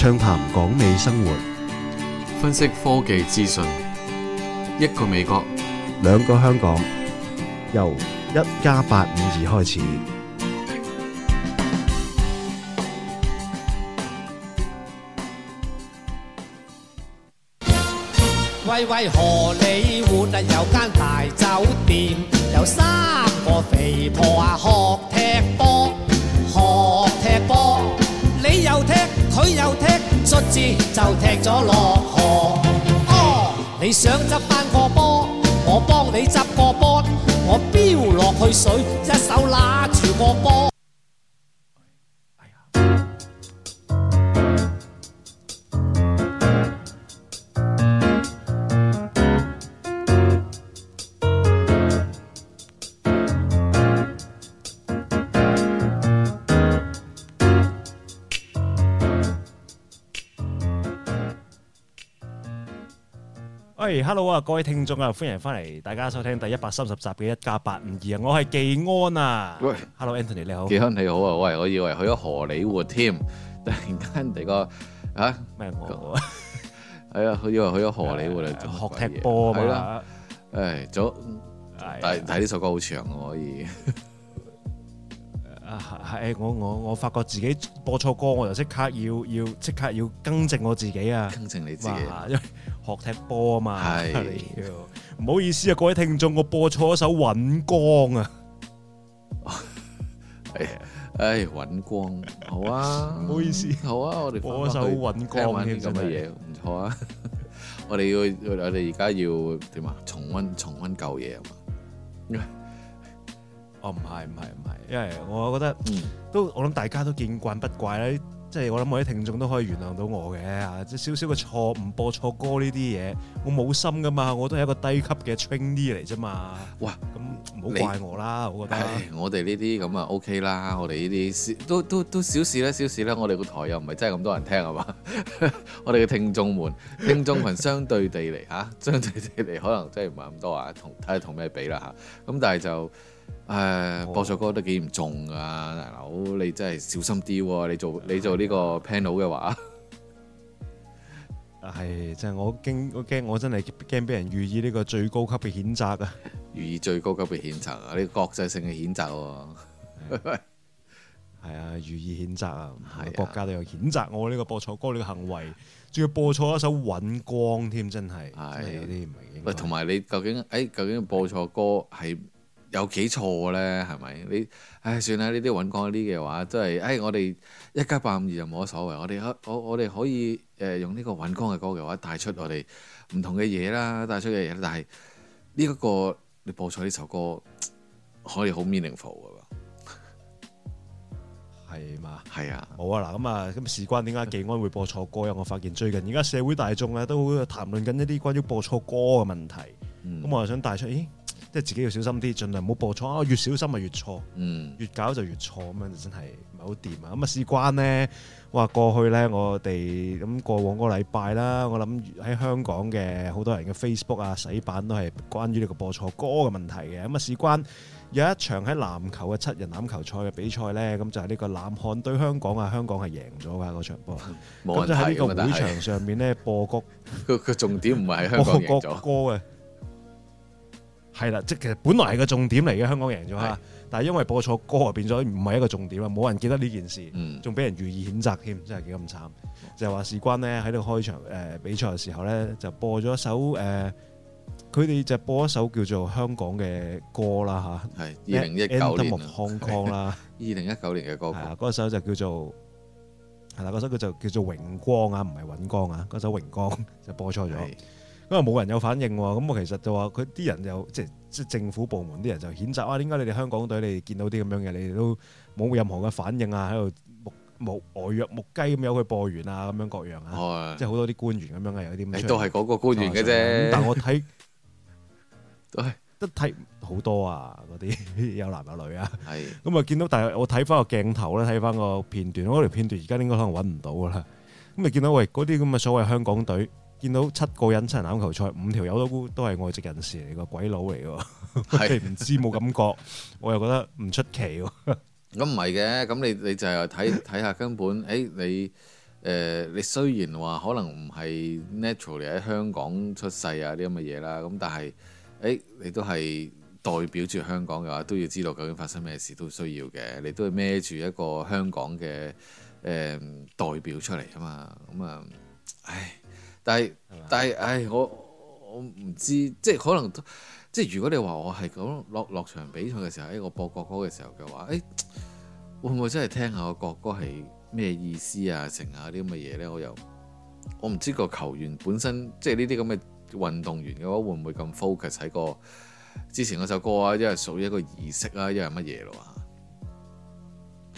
暢談港美生活，分析科技資訊。一個美國，兩個香港，由一家八五二開始。喂喂何你活啊？有間大酒店，有三個肥婆啊！學踢波，學踢波，你又踢，佢又踢。就踢咗落河，哦，oh，你想執翻個波，我幫你執個波，我飆落去水，一手拉住個波。h e l l o 啊，hey, hello, 各位聽眾啊，歡迎翻嚟，大家收聽第一百三十集嘅一加八五二啊，我係技安啊。喂，hello Anthony 你好。技安你好啊，喂，我以為去咗荷里活添，突然間人哋個啊咩我，係啊個，佢、 哎、以為去咗荷里活嚟、哎、呀學踢波啊嘛，誒，早，哎、呀但、哎、呀但呢首歌好長可以。啊係，我我我發覺自己播錯歌，我就即刻要要即刻要更正我自己啊！更正你自己，因為學踢波啊嘛，係唔是好意思啊，各位聽眾，我播錯一首《滾光》啊！哎呀，哎，《滾光》好啊，唔、 嗯、好意思，好啊，我哋播首看一看一看《滾光的》嘅咁嘅嘢，唔錯啊！ 我哋要我哋而家要點啊？重溫重溫舊嘢啊嘛！ 哦，唔係唔係唔係，因為 Yeah, 我覺得、嗯、都我諗大家都見慣不怪啦，即、就、係、是、我諗我啲聽眾都可以原諒到我嘅，即係少少嘅錯誤，唔播錯歌呢啲嘢，我冇心噶嘛，我都係一個低級嘅 trainee 啲嚟啫嘛。哇，咁唔好怪我啦，你我覺得、啊哎。我哋呢啲咁啊 OK 啦，我哋呢啲都都都小事啦，小事啦，我哋個台又唔係真係咁多人聽係嘛， 我哋嘅聽眾們，聽眾羣 相對地嚟嚇、啊，相對地嚟可能真係唔係咁多看看啊，同睇下同咩比啦嚇。咁但係就。誒、唉我播錯歌都幾嚴重噶，大佬你真係小心啲喎！你做你做呢個 panel 嘅話，係真係我驚我驚我真係驚俾人寓意呢個最高級嘅譴責啊！寓意最高級嘅譴責啊！呢個國際性嘅譴責喎，係啊的， 寓意譴責啊，國家都有譴責我呢個播錯歌呢個行為，仲的要播錯一首《榮光》添，真係的真係有啲唔係。喂，同埋你究竟誒、哎，究竟播錯歌係？有幾錯咧？係咪你？唉，算啦，呢啲揾光嗰啲嘅話都係。唉，我哋一家八五二就冇乜所謂。我哋可我我哋可以誒、呃、用呢個揾光嘅歌嘅話帶出我哋唔同嘅嘢啦，帶出嘅嘢，但係呢一個你播錯呢首歌可以好 meaningful 㗎喎，係 嘛嗎？係啊，好啊！嗱，咁啊，咁事關點解紀安會播錯歌？因為 我發現最近而家社會大眾咧、啊、都會談論緊一啲關於播錯歌嘅問題。咁、嗯、我啊想帶出，咦？即係自己要小心啲，盡量唔好播錯啊！越小心咪越錯，嗯，越搞就越錯，咁樣就真係唔係好掂啊！咁啊，事關咧，話過去咧，我哋咁過往個禮拜啦，我諗喺香港嘅好多人嘅 Facebook 啊，洗版都係關於呢個播錯歌嘅問題嘅。咁啊，事關有一場喺籃球嘅七人籃球賽嘅比賽咧，咁就係呢個南韓對香港啊，香港係贏咗㗎嗰場波，咁就喺呢個會場上面咧播歌，佢佢重點唔係喺香港贏咗歌嘅。係啦，即係其實本來係個重點嚟嘅，香港贏咗吓，但係因為播錯歌，變咗唔係一個重點啦，冇人記得呢件事，仲俾人予以譴責添，真係幾咁慘。就話事君咧喺度開場誒比賽嘅時候咧，就播咗首誒，佢哋就播一首叫做香港嘅歌啦吓，係二零一九年嘅《Hong Kong》啦，二零一九年嘅歌，係啊，嗰首就叫做係啦，嗰首叫做叫做榮光啊，唔係允光啊，嗰首榮光就播錯咗。因為冇人有反應，咁我其實就話佢啲人又即係即係政府部門啲人就譴責啊，點解你哋香港隊你哋見到啲咁樣嘅，你哋都冇任何嘅反應啊，喺度冇冇呆若木雞咁由佢播完啊，咁樣各樣啊，的即係好多啲官員咁樣嘅，有啲咩？你都係嗰個官員嘅啫，但我睇都睇是好多啊，嗰啲有男有女啊，咁啊見到， 但係我睇翻個鏡頭咧，睇翻個片段，嗰條片段而家應該可能搵唔到啦，咁啊見到，喂，嗰啲咁嘅所謂香港隊。見到七個人，七人欖球賽五條友都都係外籍人士嚟，個鬼佬嚟喎，係唔是的 知冇感覺， 我又覺得唔出奇喎、 嗯。咁唔係嘅，咁你你就係睇睇下根本，誒、欸、你誒、呃、你雖然話可能唔係 natural 喺香港出世啊啲咁嘅嘢啦，咁但係誒、欸、你都係代表住香港嘅話，都要知道究竟發生咩事都需要嘅，你都係孭住一個香港嘅誒、呃、代表出嚟啊嘛，咁、嗯、啊，唉～但係，但係吧，唉、哎，我我唔知，即係可能，即係如果你話我係咁落落場比賽嘅時候，喺、哎、我播國歌嘅時候嘅話，誒、哎、會唔會真係聽下個國歌係咩意思啊、剩下啲咁嘅嘢呢，我又我唔知個球員本身即係呢啲咁嘅運動員嘅話，會唔會咁 focus 喺個之前嗰首歌啊？因為屬於一個儀式啊，因為乜嘢咯？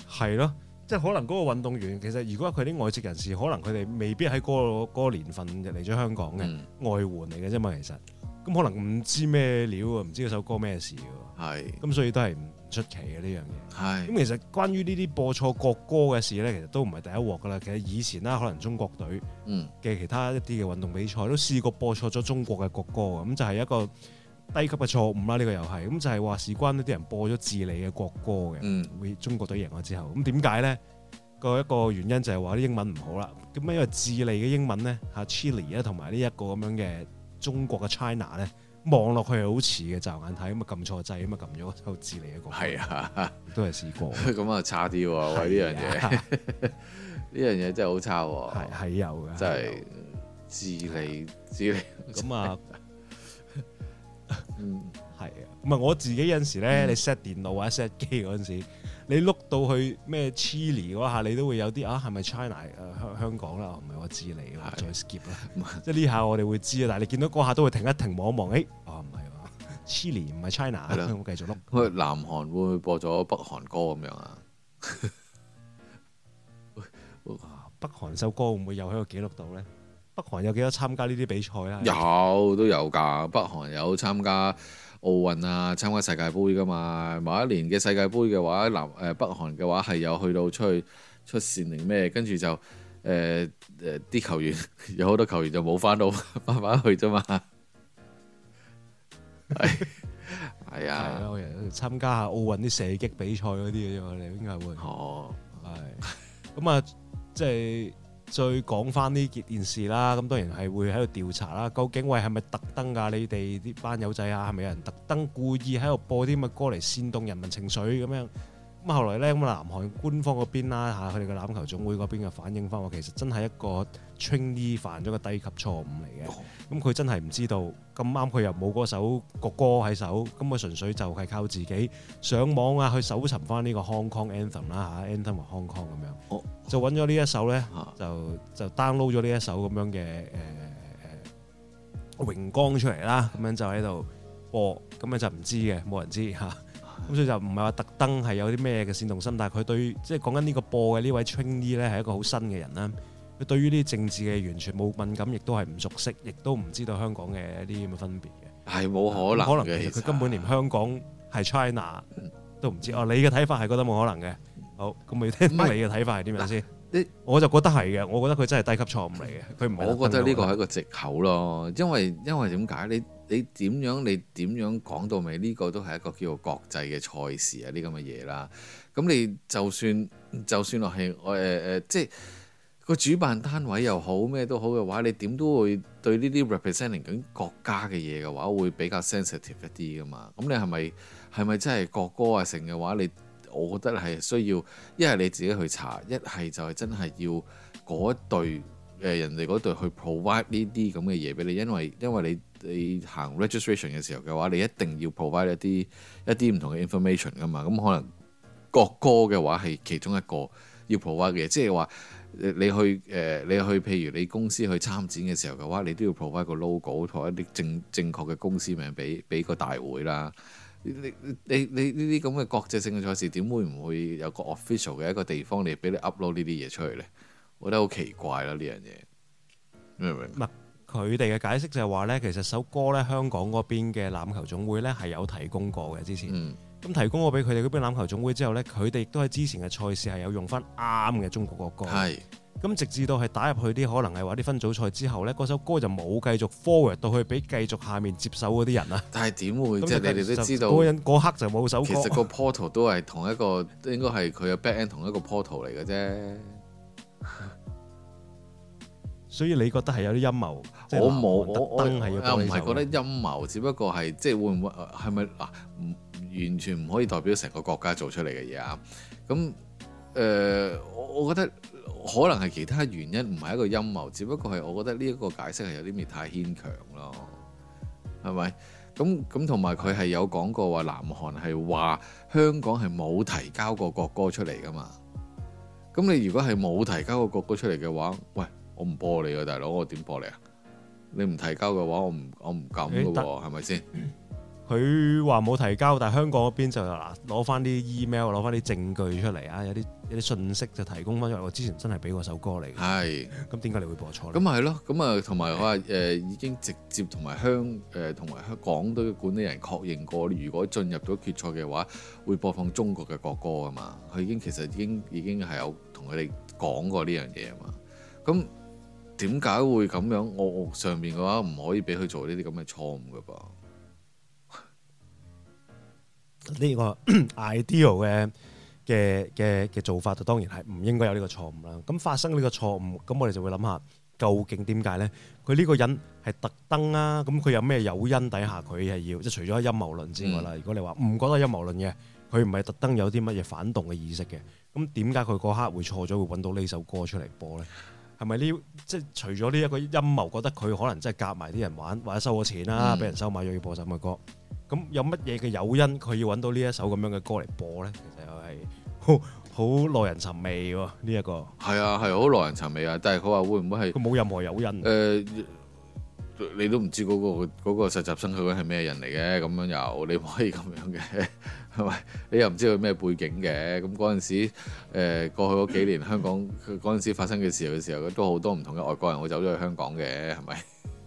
嚇，係咯。即係可能嗰個運動員，其實如果佢啲外籍人士，可能佢哋未必喺嗰、嗰個嗰個年份就嚟咗香港嘅、嗯、外援嚟嘅啫嘛，其實咁可能唔知咩料喎，唔知嗰首歌咩事喎，咁是所以都係唔出奇嘅呢樣嘢。係咁是其實關於呢啲播錯國歌嘅事咧，其實都唔係第一鑊噶啦。其實以前啦，可能中國隊嘅其他一啲嘅運動比賽、嗯、都試過播錯咗中國嘅國歌嘅，咁、嗯、就係、是、一個。低級嘅錯誤啦，呢個又係，咁就係話事關呢啲人播咗智利嘅國歌嘅，會中國隊贏咗之後，咁點解咧？個一個原因就係話啲英文唔好啦，咁因為智利嘅英文咧，吓 Chile 啊，同埋呢一個咁樣嘅中國嘅 China 咧，望落去係好似嘅，就眼睇咁啊撳錯掣，咁啊撳咗個智利嘅國歌，係啊，都係試過，咁啊差啲喎，呢樣嘢，呢樣嘢真係好差喎，係係有嘅，即係智利智利咁啊。嗯， 係啊，唔係我自己有陣時咧、嗯，你 set 電腦或者 set 機嗰陣時，你碌到去咩 Chile 嗰下，你都會有啲啊，係咪 China 誒、啊、香香港啦？唔係我知你，我再 skip 啦，的即係呢下我哋會知啊。但係你見到嗰下都會停一停望一望，誒、哎，哦、啊、唔係喎、啊、Chile 唔係 China，繼 續碌。南韓會播咗北韓歌咁樣啊？ 北韓首歌會唔會又喺個記錄度咧？北韓有幾多參加呢啲比賽啊？有都有噶，北韓有參加奧運啊，參加世界杯噶嘛？某一年嘅世界杯嘅話，南誒北韓嘅話係有去到出去出線定咩？跟住就誒誒啲球員有好多球員就冇翻到，翻 翻去啫嘛。係係啊，參 加下奧運啲射擊比賽嗰啲嘅啫嘛，你應該會？哦，係咁啊，即係。就是再講翻呢件事啦，咁當然係會喺度調查啦。究竟喂係咪特登㗎？你哋啲班友仔啊，係咪有人特登故意喺度播啲乜歌嚟煽動人民情緒咁樣？咁後來咧，咁啊，南韓官方嗰邊啦、啊、嚇，佢哋個籃球總會嗰邊又反映翻我，其實真係一個 c h、er、犯咗個低級錯誤嚟嘅。咁佢、oh. 嗯、真係唔知道咁啱，佢又冇嗰首國歌喺手，咁、嗯、佢純粹就係靠自己上網啊，去搜尋翻呢個 Hong Kong Anthem 啦嚇，Anthem or Hong Kong 咁樣，就揾咗呢一首咧，就就 download 咗呢一首咁樣嘅誒誒榮光出嚟啦，咁樣就喺度播，咁啊就唔知嘅，冇人知嚇。啊。咁所以就唔係話特登係有啲咩嘅煽動心，但係佢對即係講緊呢個播嘅呢位青衣咧係一個好新嘅人啦。佢對於呢啲政治嘅完全冇敏感，亦都係唔熟悉，亦都唔知道香港嘅一啲咁嘅分別嘅。係冇可能嘅。可能佢根本連香港係 China 實都唔知。嗯、哦，你嘅睇法係覺得冇可能嘅。好，咁咪聽你嘅睇法係點樣先？是我就覺得係嘅。我覺得佢真係低級錯誤嚟嘅。佢唔、嗯、我覺得呢個係一個借口咯，因為因為點解你？你點樣？你點樣講到尾？呢個都係一個叫做國際嘅賽事啊，啲咁嘅嘢啦。咁你就算就算落係我誒誒，即係個主辦單位又好，咩都好嘅話，你點都會對呢啲 representing 緊國家嘅嘢嘅話，會比較 sensitive 一啲噶嘛。咁你係咪係咪真係國歌啊？成嘅話，你我覺得係需要一係你自己去查，一係就係真係要嗰一對。誒、呃、人哋嗰度去 provide 呢啲咁嘅嘢俾你，因為因為你你行 registration 嘅時候嘅話，你一定要 provide 一啲一啲唔同嘅 information 噶嘛，咁、嗯、可能國歌嘅話係其中一個要 provide 嘅，即係話你去誒、呃、你去譬如你公司去參展嘅時候嘅話，你都要 provide 個 logo 同一啲正正確嘅公司名俾俾個大會啦。你你呢啲咁嘅國際性嘅賽事，點會唔會有個 official 嘅一個地方嚟俾你 upload 呢啲嘢出去呢？我覺得好奇怪啦呢樣嘢，明唔明？佢哋嘅解釋就係話呢，其實首歌呢，香港嗰邊嘅籃球總會呢係有提供過嘅，之前，咁、嗯、提供過俾佢哋嗰邊籃球總會之後呢，佢哋都喺之前嘅賽事係有用翻啱嘅中國國歌，咁是直至到係打入去啲可能係話啲分組賽之後呢，嗰首歌就冇繼續 forward 到去俾繼續下面接手嗰啲人啊！但係點會？即係、嗯、你哋都知道，嗰刻就冇首歌。其實個 portal 都係同一個，應該係佢嘅 back end 同一個 portal 嚟嘅啫。 所以你覺得係有啲陰謀？我冇，我我唔係覺得陰謀，只不過係即係會唔會係咪嗱？完全唔可以代表成個國家做出嚟嘅嘢啊！咁誒，我、呃、我覺得可能係其他原因，唔係一個陰謀，只不過係我覺得呢一個解釋係有啲咩太牽強咯，係咪？咁咁同埋佢係有講過話，南韓係話香港係冇提交過國歌出嚟㗎嘛？咁你如果係冇提交個國歌出嚟嘅話，喂，我唔播你㗎大佬，我點播你啊？你唔提交嘅話，我唔我唔敢嘅喎，係咪先？佢話冇提交，但係香港嗰邊就嗱攞翻啲 email，攞翻啲證據出嚟啊！有啲有啲信息就提供翻出嚟。我之前真係俾過首歌嚟，係咁點解你會播錯咧？咁咪係咯，咁啊同埋我話誒已經直接同埋香誒同埋香港隊管理人確認過，如果進入到決賽嘅話，會播放中國嘅國歌啊嘛。佢已經其實已經已經係有同佢哋講過呢樣嘢啊嘛。咁點解會咁樣？我上面嘅話唔可以俾佢做呢啲咁嘅錯誤噶噃。呢、這個 ideal 嘅嘅嘅嘅做法，就當然係唔應該有呢個錯誤啦。咁發生呢個錯誤，咁我哋就會諗下究竟點解咧？佢呢個人係特登啊！咁佢有咩誘因底下佢係要即係除咗陰謀論之外啦？嗯、如果你話唔覺得陰謀論嘅，佢唔係特登有啲乜嘢反動嘅意識嘅，咁點解佢嗰刻會錯咗會揾到呢首歌出嚟播咧？係咪呢？是是即係除咗呢一個陰謀，覺得佢可能真係夾埋啲人玩，或者收咗錢啦、啊，俾、嗯、人收買咗要播咁嘅歌？咁有乜嘢嘅誘因佢要揾到呢一首咁樣嘅歌嚟播咧？其實又係好耐人尋味喎，呢、這、一個係啊係好耐人尋味啊！但係佢話會唔會係佢冇任何誘因、啊？誒、呃，你都唔知嗰、那個嗰、那個實習生佢係咩人嚟嘅？咁樣又你唔可以咁樣嘅係咪？你又唔知佢咩背景嘅？咁嗰陣時誒過去嗰幾年香港嗰陣時發生嘅事嘅時候，都好多唔同嘅外國人會走咗去香港嘅，係咪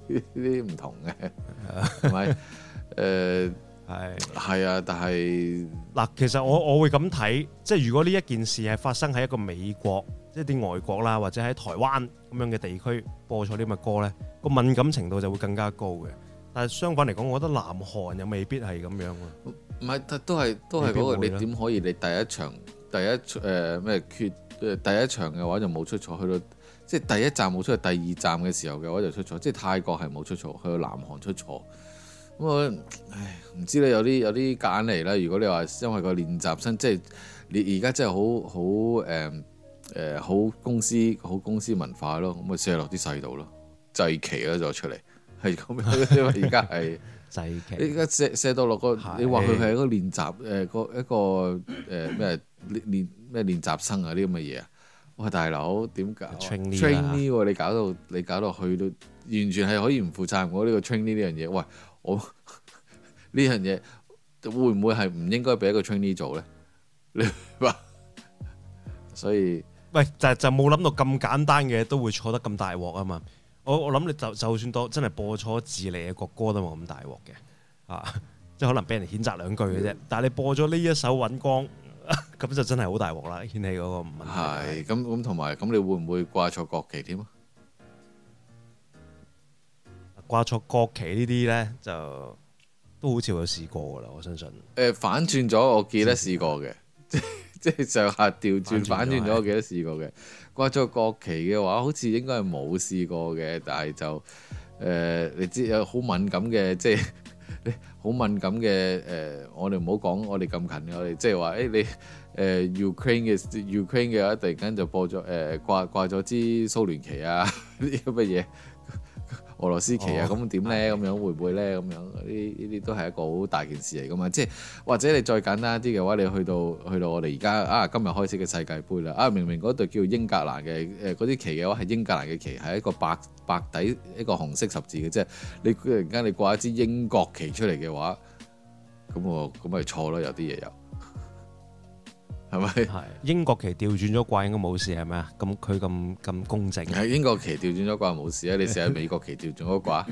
呢啲唔同嘅係咪？是 誒係係啊，但係嗱，其實我我會咁睇，即係如果呢一件事係發生喺一個美國，即係啲外國啦，或者喺台灣咁樣嘅地區播錯啲乜歌呢，個敏感程度就會更加高嘅。但係相反嚟講，我覺得南韓又未必係咁樣喎、啊。唔係，都係都係嗰個，你點可以？你第一場第一誒咩、呃、決、呃、第一場嘅話就冇出錯，去到即係第一站冇出去第二站嘅時候嘅話就出錯。即係泰國係冇出錯，去到南韓出錯。咁我唉，唔知你有啲有啲隔硬嚟啦。如果你話因為個練習生即係、就是、你而家真係好好誒誒好公司好公司文化咯，咁咪射落啲細度咯，制期啦就出嚟係咁樣。因為而家係制期奇，而家射射到落個你話佢係一個練習誒個是 一個誒咩練咩練習生啊啲咁嘅嘢啊喂，大佬點搞 training 呢？你搞到你搞到去到完全係可以唔負責任。我、這、呢個 training 呢樣嘢，喂！我呢樣嘢會唔會係唔應該俾一個 trainee、er、做咧？你 所以唔係就就冇諗到咁簡單嘅都會錯得咁大鑊啊嘛！我我諗你就就算當真係播錯智利嘅國歌都冇咁大鑊嘅啊，即 係可能俾人譴責兩句嘅啫。嗯、但係你播咗呢一首《尹光》，咁 就真係好大鑊啦！掀起嗰個問題，係咁咁同埋咁，你會唔會掛錯國旗添啊？掛錯國旗呢啲咧，就都好似有試過噶啦，我相信。誒、呃、反轉咗，我記得試過嘅，即即 上下調轉反轉咗，轉的我記得試過嘅。掛錯國旗嘅話，好似應該係冇試過嘅，但係就誒、呃，你知有好敏感嘅，即係好敏感嘅誒、呃，我哋唔好講我哋咁近，我哋即係、欸呃、話誒你誒 Ukraine 嘅 Ukraine 嘅，突然間就播咗誒、呃、掛掛咗支蘇聯旗啊，呢啲乜嘢？俄羅斯旗啊，咁點咧？咁樣會唔會咧？咁樣呢呢啲都係一個好大件事嚟噶嘛。即係或者你再簡單啲嘅話，你去到去到我哋而家啊今日開始嘅世界盃啦啊，明明嗰隊叫英格蘭嘅誒嗰啲旗嘅話係英格蘭嘅旗，係一個白白底一個紅色十字嘅，即係你忽然間你掛一支英國旗出嚟嘅話，咁咁咪錯咯？有啲嘢有。係咪？英國旗調轉咗掛應該冇事係咪啊？咁佢咁咁公正啊？英國旗調轉咗掛冇事啊？ 你試下美國旗調轉咗掛，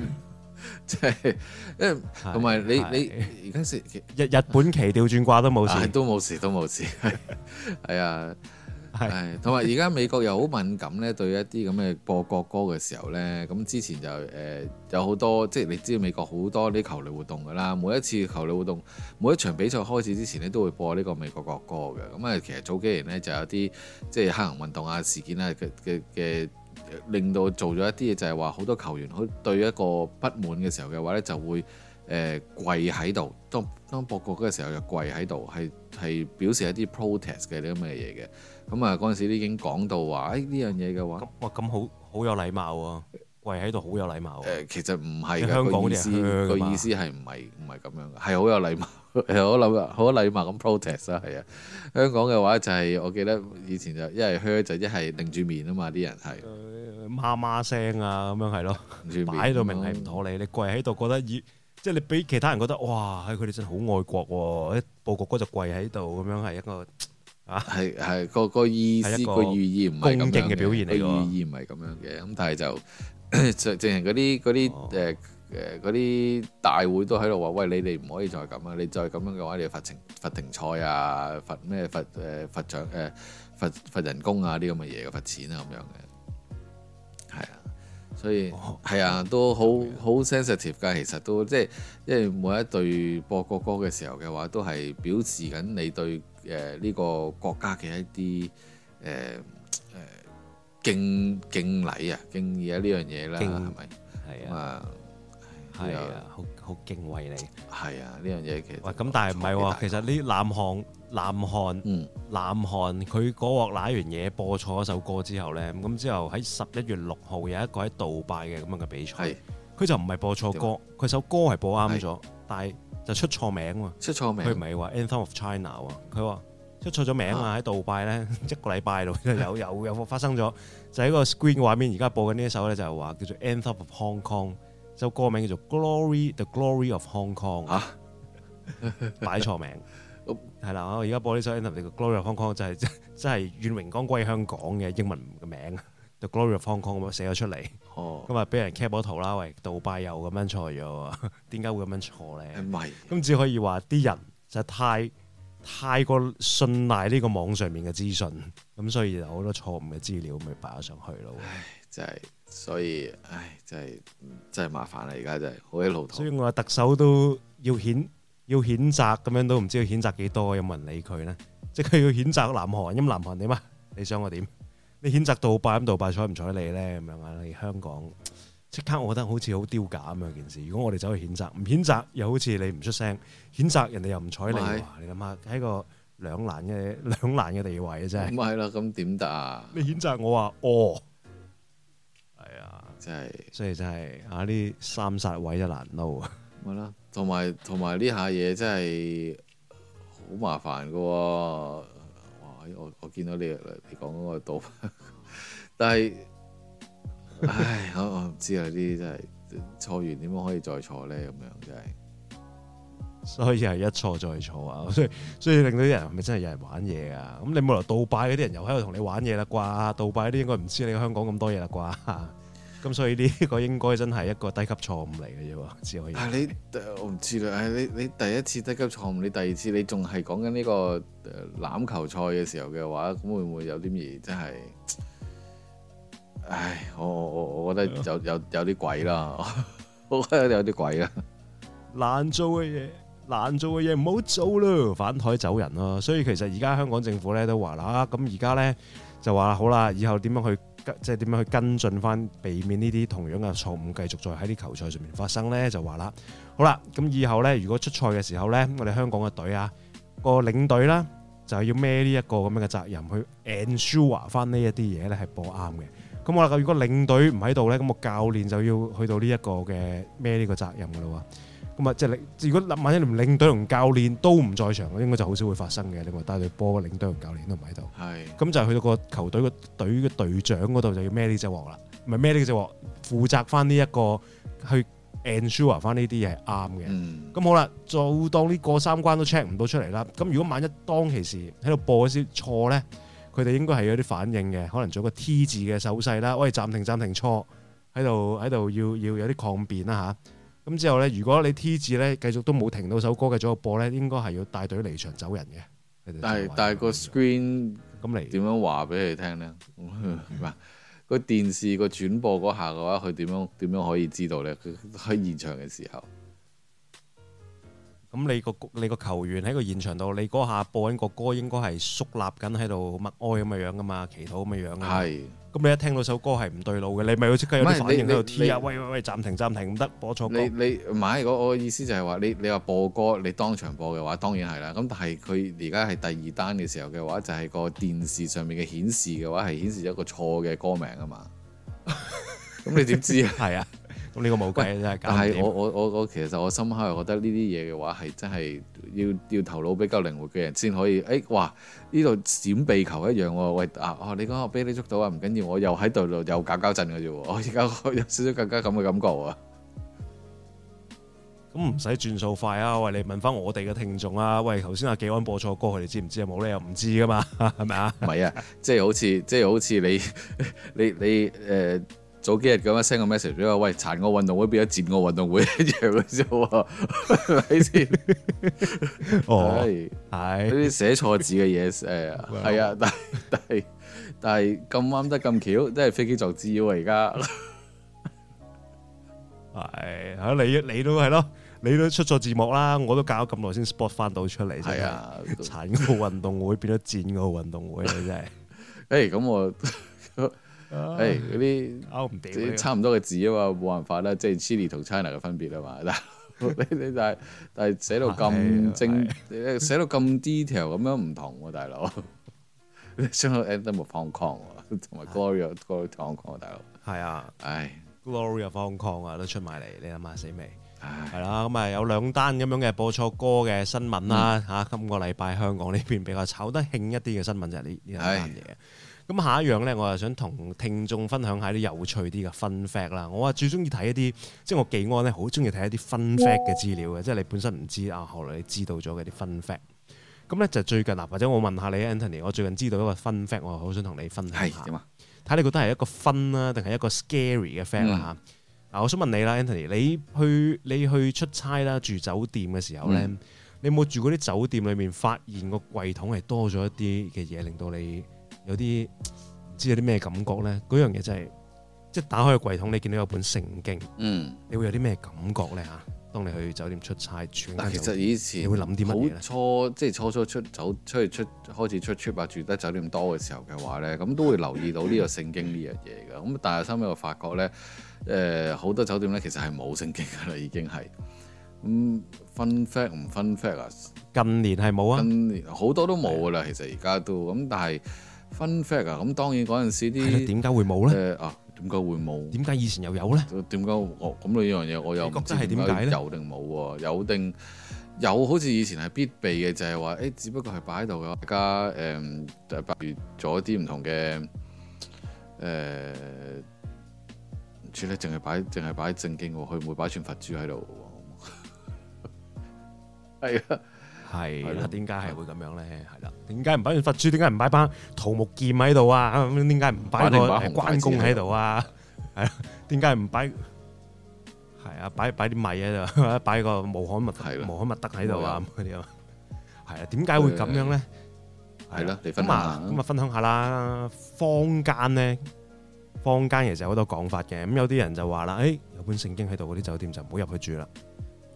即係， 因為同埋 你 你而家日日本旗調轉掛都冇事、， 啊、事，都冇事都冇事，係 啊、 哎。係，同埋而家美國又好敏感咧，對一啲咁嘅播國歌嘅時候呢，咁之前就誒、呃、有好多，即係你知道美國好多啲球類活動噶啦，每一次球類活動，每一場比賽開始之前咧，都會播呢個美國國歌嘅。咁、嗯、啊，其實早幾年呢，就有啲即係黑人運動啊事件啊嘅嘅嘅，令到做咗一啲嘢，就係話好多球員佢對一個不滿嘅時候嘅話呢，就會。誒、呃、跪喺度，當當播國歌嗰個時候就跪喺度，係係表示一啲 protest 嘅啲咁嘅嘢嘅。咁啊嗰陣時已經講到說、哎、話，誒呢、啊啊、樣嘢嘅話，哇咁好好有禮貌啊。跪喺度好有禮貌。誒其實唔係香港嘅意思嘅意思係唔係唔係咁樣，係好有禮貌，好諗啊，好有禮貌咁 protest 啊，係啊。香港嘅話就係、是、我記得以前就一係靴仔一係擰住面啊嘛，啲人係，呃媽媽聲啊咁樣係咯，擺到明係唔妥你，你跪喺度覺得以。即係你俾其他人覺得，哇！佢哋真係好愛國喎，一播國歌就跪喺度咁樣，係一個啊，係係個個意思個寓意唔係咁樣嘅表現嚟嘅。個寓意唔係咁樣嘅，咁但係就淨正正嗰啲嗰啲誒誒嗰啲大會都喺度話，喂，你哋唔可以再咁啊！你再咁樣嘅話，你要罰停罰停賽啊，罰咩罰誒、呃、罰獎誒、呃、罰、呃、罰人工啊啲咁嘅嘢嘅罰錢啊咁樣嘅。所以係、哦、啊，都好好、啊、sensitive 㗎。其實都即係，因為每一隊播國歌嘅時候嘅話，都係表示緊你對誒呢、呃這個國家嘅一啲誒誒敬敬禮敬吧啊、敬意啊呢樣嘢啦，係咪？係啊，係啊，好好、啊、很敬畏你。係啊，呢樣嘢其實喂咁、嗯，但係唔係喎？其實呢南韓。南韓，嗯、南韓佢嗰鑊攋完嘢播錯一首歌之後咧，咁之後喺十一月六號有一個喺杜拜嘅咁樣嘅比賽，佢是就唔係播錯歌，佢嗎首歌係播啱咗，是但係就出錯名啊！出錯名，佢唔係話《Anthem of China》啊，佢話出錯咗名啊！喺杜拜咧 一個禮拜度有有有，有發生咗， 就喺個 screen 嘅畫面而家播緊呢一首咧，就係話叫做《Anthem of Hong Kong》，首歌名叫做《Glory the Glory of Hong Kong》，擺、啊、 錯名。 係啦、嗯，我而家播呢首歌，你個 Glory of Hong Kong 就係、是就是、真真係願榮光歸香港嘅英文名就 Glory of Hong Kong 咁寫咗出嚟。哦，咁啊俾人 cap 咗圖啦，喂，杜拜又咁樣錯咗，點解會咁樣錯咧？唔係，咁只可以話啲人就太太過信賴呢個網上面嘅資訊，咁所以有好多錯誤嘅資料咪擺咗上去咯。唉，真係，所以唉，真係真係麻煩啦，而家真係好鬼老土。所以我話特首都要顯。要譴責咁樣都唔知要譴責幾多，有冇人理佢呢？即係要譴責南韓，咁南韓點啊？你想我點？你譴責杜拜，咁杜拜睬唔睬你呢？咁樣啊？你香港即刻我覺得好似好丟架咁樣件事。如果我哋走去譴責，唔譴責又好似你唔出聲，譴責人哋又唔睬你話，你諗下喺個兩難嘅兩難嘅地位嘅啫。咁咪係咯？咁點得啊？你譴責我話哦，係啊，真係，所以真係啊呢三殺位一難撈啊，好啦。同埋同埋呢下嘢真係好麻煩嘅喎，哇，我我見到你你講嗰個賭，但係唉，我我唔知啊！呢啲真係錯完點樣可以再錯咧？咁樣真係，所以係一錯再錯啊！所以所以令到啲人係咪真係有人玩嘢啊？咁你冇理由迪拜嗰啲人又喺度同你玩嘢啦啩？迪拜嗰啲應該唔知你香港咁多嘢啦啩？咁所以呢個應該真係一個低級錯誤嚟嘅啫喎，只可以啊。啊，你我唔知啦。你你第一次低級錯誤，你第二次你仲係講緊呢個欖球賽嘅時候嘅話，咁會唔會有啲咩真係？唉，我我我覺得有有有啲鬼啦，我覺得有啲鬼啦。 難做嘅嘢，難做嘅嘢唔好做咯，反台走人咯，啊。所以其實而家香港政府咧都話啦，咁而家咧就話好啦，以後點樣去？即係點樣去跟進翻，避免呢啲同樣嘅錯誤繼續再喺啲球賽上面發生呢？就話啦，好啦，咁以後呢，如果出賽嘅時候呢，我哋香港嘅隊啊，個領隊啦，就係要孭呢一個咁樣嘅責任去 ensure 翻呢一啲嘢呢係播啱嘅。咁我話，如果領隊唔喺度呢，咁個教練就要去到呢一個嘅孭呢個責任噶啦喎。咁啊，即係你如果萬一連領隊同教練都唔在場，應該就好少會發生嘅。你話帶隊波，領隊同教練都唔喺度，係咁是就去到個球隊個隊嘅隊長嗰度就要孭呢隻鑊啦，唔係孭呢隻鑊，負責翻呢一個去 ensure 翻呢啲嘢係啱嘅。咁、嗯、好啦，做當呢過三關都 check 唔到出嚟啦。咁如果萬一當其時喺度播咗啲錯咧，佢哋應該係有啲反應嘅，可能做個 T 字嘅手勢啦，喂，暫停暫停錯，喺度喺度要要有啲抗辯啦嚇。啊咁、嗯、之後咧，如果你 T 字咧繼續都冇停到首歌，繼續播咧，應該係要帶隊離場走人嘅。但係但係個 screen 咁嚟點樣話俾佢聽咧？唔係個電視個轉播嗰下嘅話，佢點樣點樣可以知道咧？佢喺現場嘅時候，咁、嗯、你個你個球員喺個現場度，你嗰下播緊個歌，應該係肅立緊喺度默哀咁嘅樣噶嘛，祈禱咁嘅樣啊。咁你一聽到首歌係唔對路嘅，你咪會即刻有啲反應喺度 T 啊！喂喂喂，暫停暫停唔得，播錯歌。你你唔係，我嘅意思就係、是、話，你你話播歌，你當場播嘅話，當然係啦。咁但係佢而家係第二單嘅時候嘅話，就係、是、個電視上面嘅顯示嘅話，係顯示一個錯嘅歌名啊嘛。咁 你點知 啊？係啊。呢個冇計喂，真係但係我我我我其實我深刻係覺得呢啲嘢嘅話，係真係要要頭腦比較靈活嘅人先可以，哎，哇！呢度閃避球一樣喎，喂啊你講我俾你捉到啊，唔緊要，我又喺度度又搞搞震嘅啫喎，我而家有少少更加咁嘅感覺喎。咁唔使轉數快啊！喂，你問翻我哋嘅聽眾啊！喂，頭先阿紀安播錯歌，佢哋知唔知，知 啊？冇理由唔知噶嘛，係咪啊？唔係啊，即係好似即係好似你你你誒。呃早幾日咁樣 send 個 message，因為喂殘奧運動會變咗戰奧運動會一樣嘅啫喎，係咪先？ 哦，係嗰啲寫錯字嘅嘢，誒，係啊，但但係但係咁啱得咁巧，真係飛機就知喎！而家係啊，你你都係咯，嗯，你都出咗字幕啦，我都搞咁耐先 spot r 翻到出嚟。係啊，殘奧運動會變咗戰奧運動會啊！你真係，誒， 欸，咁，嗯，我。 誒嗰啲差唔多嘅字啊嘛，冇辦法啦，即係 Chile 同 China 嘅分別啊嘛，但係但係寫到咁精，寫到咁 detail 咁樣唔同喎，大佬、啊唉。你傷到 Anthem of Hong Kong 喎，同埋 Glory of Hong Kong 喎，大佬。係啊。唉。Glory of Hong Kong 啊都出埋嚟，你諗下死未？係啦，咁啊有兩單咁樣嘅播錯歌嘅新聞啦嚇、嗯啊，今個禮拜香港呢邊比較炒得興一啲嘅新聞就係呢呢兩單嘢。咁下一樣咧，我啊想同聽眾分享一下啲有趣啲嘅 fun fact 啦。我啊最中意睇一啲、就是，即係我寄安咧，好中意睇一啲 fun fact 嘅資料嘅，即係你本身唔知啊，後來你知道咗嘅啲 fun fact 咁咧就是、最近啊，或者我問下你 Anthony，我最近知道一個 fun fact，我好想同你分享下。睇嗎你覺得係一個 fun 啦，定係一個 scary 嘅 fact 啦嚇、嗯？啊，我想問你啦，Anthony，你去你去出差啦，住酒店嘅時候咧，嗯、你有冇住嗰啲酒店裏面發現個櫃桶係多咗一啲嘅嘢，令到你？有啲唔知有啲咩感覺咧？嗰樣嘢真係即係打開個櫃桶，你見到有本聖經，嗯，你會有啲咩感覺咧？嚇，當你去酒店出差住，但其實以前你會諗啲乜嘢呢？好初即係初初出走出去出開始出 trip 啊，住得酒店多嘅時候嘅話咧，咁都會留意到呢個聖經呢樣嘢㗎。咁但係收尾我發覺咧，誒好多酒店咧其實係冇聖經㗎啦，已經係咁分 fact 唔分 fact 啊。近年係冇啊，近年好多都冇㗎啦。其實而家都咁，但係。分 fact 啊，咁當然嗰陣時啲係點解會冇咧？啊，點解會冇？點解以前又有咧？點解我咁呢樣嘢我又覺得係點解咧？有定冇喎？有定有好似以前係必備嘅，就係話誒，只不過係擺喺度嘅。大家誒，例、呃、如做一啲唔同嘅誒，唔、呃、知咧，淨係擺，淨係擺正經喎，佢唔會擺串佛珠喺度喎。係 啊。係啦，點解係會咁樣咧？係啦，點解唔擺住佛珠？點解唔擺把桃木劍喺度啊？點解唔擺個關公喺度啊？係啦，點解唔擺？係啊，擺擺啲米喺度，擺個穆罕默穆罕默德喺度啊？嗰啲啊，係啊，點解會咁樣咧？係咯，咁啊咁啊，分享下啦。坊間咧，坊間其實有好多講法嘅。咁有啲人就話啦，誒，有本聖經喺度嗰啲酒店就唔好入去住啦。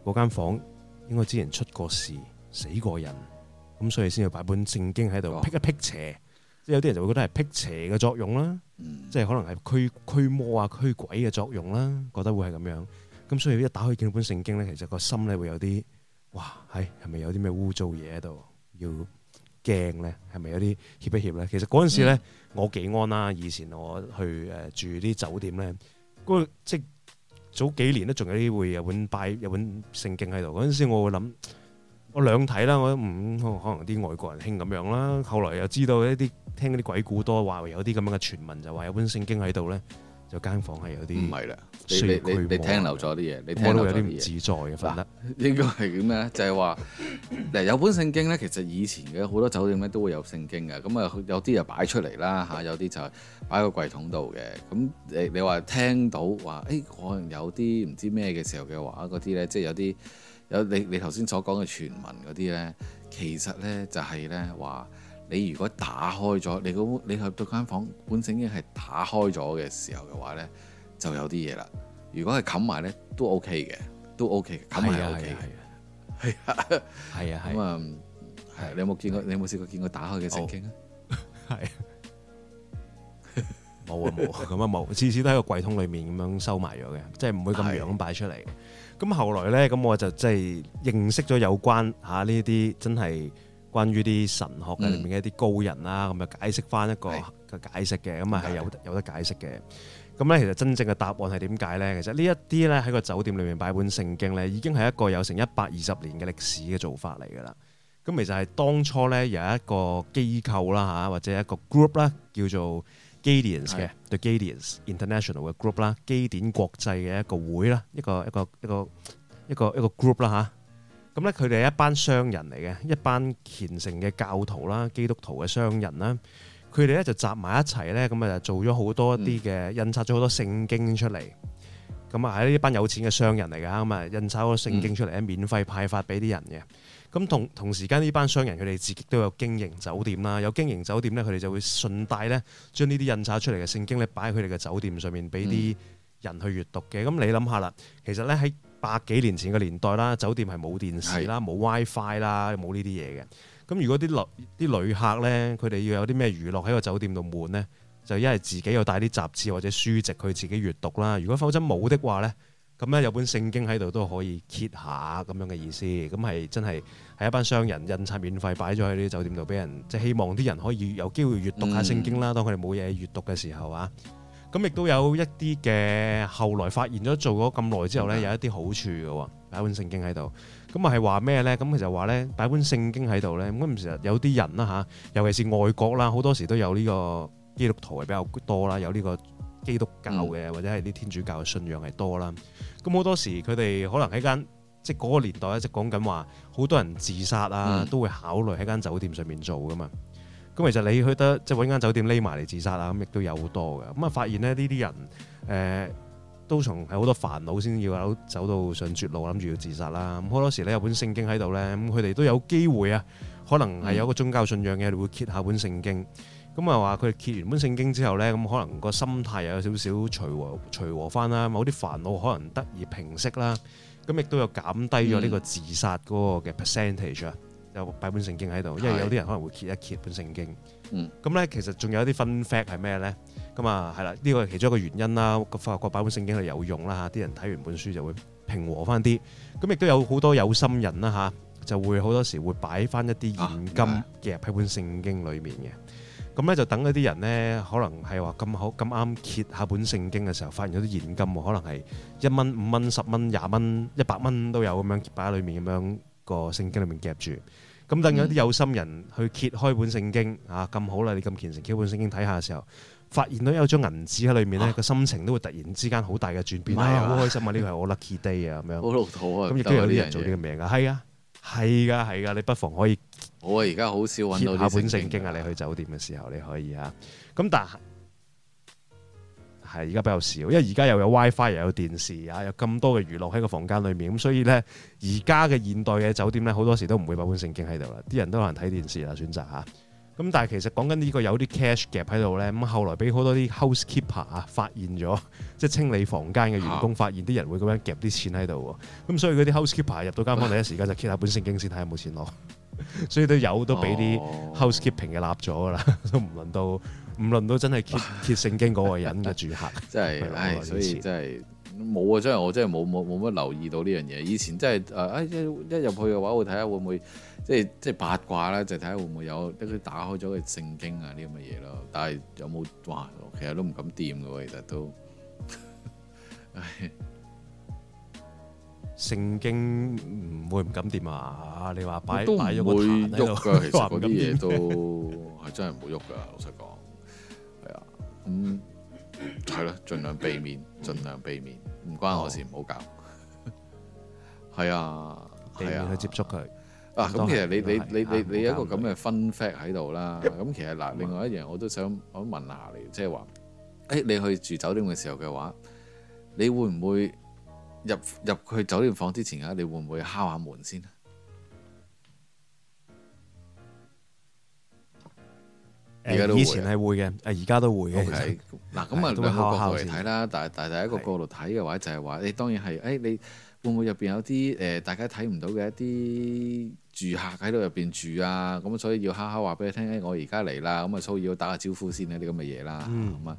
嗰間房應該之前出過事。死過人，咁所以先要擺本聖經喺度辟一辟邪，即係有啲人就會覺得係辟邪嘅作用啦，嗯、即係可能係驅驅魔啊驅鬼嘅作用啦，覺得會係咁樣，咁所以一打開見本聖經咧，其實個心咧會有啲，哇，係係咪有啲咩污糟嘢喺度要驚咧？係咪有啲怯一怯咧？其實嗰陣時咧，嗯、我幾安啦，以前我去誒住啲酒店咧，那個，即係早幾年咧，仲有啲會有本拜有本聖經喺度，嗰陣時我會諗。我兩睇啦，我都唔可能啲外國人興咁樣啦。後來又知道一啲聽啲鬼故多話，有啲咁樣嘅傳聞，就話有本聖經喺度咧，有間房係有啲唔係啦。你你你你聽漏咗啲嘢，你聽到有啲唔自在嘅，覺得應該係點咧？就係話嗱，有本聖經咧，其實以前嘅好多酒店咧都會有聖經嘅，咁啊有啲就擺出嚟啦嚇，有啲就擺個櫃桶度嘅。咁你你話聽到、欸、話，誒可能有啲唔知咩嘅時候嘅話，嗰啲咧即係有啲。有你你頭先所講嘅傳聞嗰啲咧，其實咧就係咧話，你如果打開咗你個你入到間房間本聖經已經係打開咗嘅時候嘅話咧，就有啲嘢啦。如果係冚埋咧都 OK 嘅，都 OK 嘅，冚埋 OK 係啊係啊係啊，啊 咁啊係、啊啊、你有冇見過你有冇試過見過打開嘅聖經啊？係冇啊冇咁啊冇， 次次都喺個櫃桶裏面咁樣收埋咗嘅，即係唔會咁樣擺出嚟。咁後來咧，咁我就即係認識咗有關嚇呢啲真係關於啲神學嘅裏面嘅一啲高人啦，咁啊、嗯、解釋翻一個嘅是解釋嘅，咁啊係有有得解釋嘅。咁咧其實真正嘅答案係點解咧？其實呢一啲咧喺個酒店裏面擺本聖經咧，已經係一個有成一百二十年嘅歷史嘅做法嚟噶啦。咁其實係當初咧有一個機構啦嚇，或者一個 group 啦，叫做基典嘅，The Gideons International 嘅 group 啦，基甸國際嘅一個會啦，一個一個一個一個一個 group 啦吓，咁咧，佢哋係一班商人嚟嘅，一班虔誠嘅教徒啦，基督徒嘅商人啦，佢哋咧就集埋一齊咧，咁啊就做咗好多啲嘅，印刷咗好多聖經出嚟。咁啊喺呢班有錢嘅商人嚟噶，咁啊印刷好多聖經出嚟咧，免費派發俾啲人嘅。咁同同時間呢班商人佢哋自己都有經營酒店啦，有經營酒店呢，佢哋就會順帶呢將呢啲印刷出嚟嘅聖經呢擺喺佢哋嘅酒店上面，俾啲人去閱讀嘅。咁、嗯嗯、你諗下啦，其實呢，喺百幾年前嘅年代啦，酒店係冇電視是、Fi、啦、冇 WiFi 啦、冇呢啲嘢嘅。咁如果啲旅啲旅客呢，佢哋要有啲咩娛樂喺個酒店度悶呢？就一係自己要帶啲雜誌或者書籍去自己閱讀啦。如果否則冇的話呢。咁咧有本聖經喺度都可以揭，揭下咁樣嘅意思，咁係真係係一班商人印刷免費擺咗喺呢啲酒店度，俾人即係希望啲人可以有機會閱讀下聖經啦。嗯、當佢哋冇嘢閱讀嘅時候啊，咁亦都有一啲嘅後來發現咗做咗咁耐之後呢，嗯、有一啲好處嘅喎，擺本聖經喺度，咁啊係話咩呢？咁其實話呢，擺本聖經喺度呢，咁其實有啲人啦嚇，尤其是外國啦，好多時都有呢個基督徒係比較多啦，有呢、呢個。基督教嘅或者係啲天主教嘅信仰係多啦，咁好、嗯、多時佢哋可能喺間即係嗰個年代，一直係講緊話好多人自殺啊，嗯、都會考慮喺間酒店上面做噶嘛。咁其實你去得即係搵間酒店匿埋嚟自殺啊，咁亦都有好多嘅。咁啊發現咧呢啲人誒、呃、都從係好多煩惱先要走走到上絕路，諗住要自殺啦、啊。咁好多時你有本聖經喺度咧，咁佢哋都有機會啊，可能係有個宗教信仰嘅，會揭下本聖經。咁啊，話佢揭完本聖經之後呢，咁可能個心態又有少少隨和隨和翻啦，某啲煩惱可能得以平息啦。咁亦都有減低咗呢個自殺嗰個嘅 percentage 啊。有擺本聖經喺度，嗯、因為有啲人可能會揭一揭，一揭一本聖經。咁咧、嗯嗯、其實仲有一啲 fun fact 係咩呢？咁啊，係啦，呢個係其中一個原因啦。個法國擺本聖經係有用啦，吓啲人睇完本書就會平和翻啲。咁亦都有好多有心人啦，吓就會好多時會擺翻一啲現金嘅入本聖經裏面嘅。咁咧就等嗰啲人咧，可能係話咁好咁啱揭下本聖經嘅時候，發現有啲現金喎，可能係一蚊、五蚊、十蚊、廿蚊、一百蚊都有咁樣擺喺裏面，咁樣個聖經裏面夾住。咁等有啲有心人去揭開本聖經，嚇、啊、咁好啦，你咁虔誠揭本聖經睇下嘅時候，發現到有張銀紙喺裏面咧，個心情都會突然之間好大嘅轉變啦，好、啊啊、開心啊！呢個係我 lucky day 啊，咁樣。好老土啊！咁亦都有啲人做呢個名啊，係啊！係㗎，係㗎，你不妨可以。我而家好少揾到一本聖經啊！經你去酒店嘅時候，你可以嚇。咁但係而家比較少，因為而家又有 WiFi，又有電視啊，有咁多嘅娛樂喺個房間裏面。咁所以咧，而家嘅現代嘅酒店咧，好多時都唔會有本聖經喺度啦。啲人都可能睇電視啦，選擇吓。咁、嗯、但係其實講緊呢個有啲 cash 夾喺度咧，咁、嗯、後來俾好多啲 housekeeper 啊發現咗，即係清理房間嘅員工發現啲人會咁樣夾啲錢喺度喎，咁、啊嗯、所以嗰啲 housekeeper 入到間房，第一時間就揭下本聖經先，睇下有冇錢攞，所以都有都俾啲 housekeeping 嘅立咗噶啦，都唔輪、哦、到唔輪到真係揭揭聖經嗰個人嘅住客。即係，所冇啊！真係我真係冇冇冇乜留意到呢樣嘢。以前真係誒誒一入去嘅話，看看會睇下會唔會即係即係八卦啦，就睇、是、下會唔會有啲佢打開咗嘅聖經啊啲咁嘅嘢咯。但係有冇話，其實都唔敢掂嘅喎，其實都。聖經唔會唔敢掂啊！你話擺擺咗個壇喺度，其實嗰啲嘢都係 真係唔會喐噶。老實講，係、嗯、啊，咁係咯，儘量避免，儘量避免。唔關我事，唔好、哦、要搞。係 啊，係啊，去接觸佢。啊，咁其實你是你是你你你有一個咁嘅 fun fact 喺度啦。咁其實嗱，另外一樣我都想我問下你，即係話，誒、欸、你去住酒店嘅時候嘅話，你會唔會入入去酒店房之前啊？你會唔會敲下門先？以前係會嘅，誒、而家都會嗱，咁 Okay, 實啊，都兩個角度嚟睇啦。但係但係第一個角度睇嘅話就，就係話你當然係誒、欸，你會唔會入邊有啲誒、呃、大家睇唔到嘅一啲住客喺度入邊住啊？咁所以要哈哈話俾你聽，我而家嚟啦，咁啊所以要打個招呼先呢啲咁嘅嘢啦。咁啊，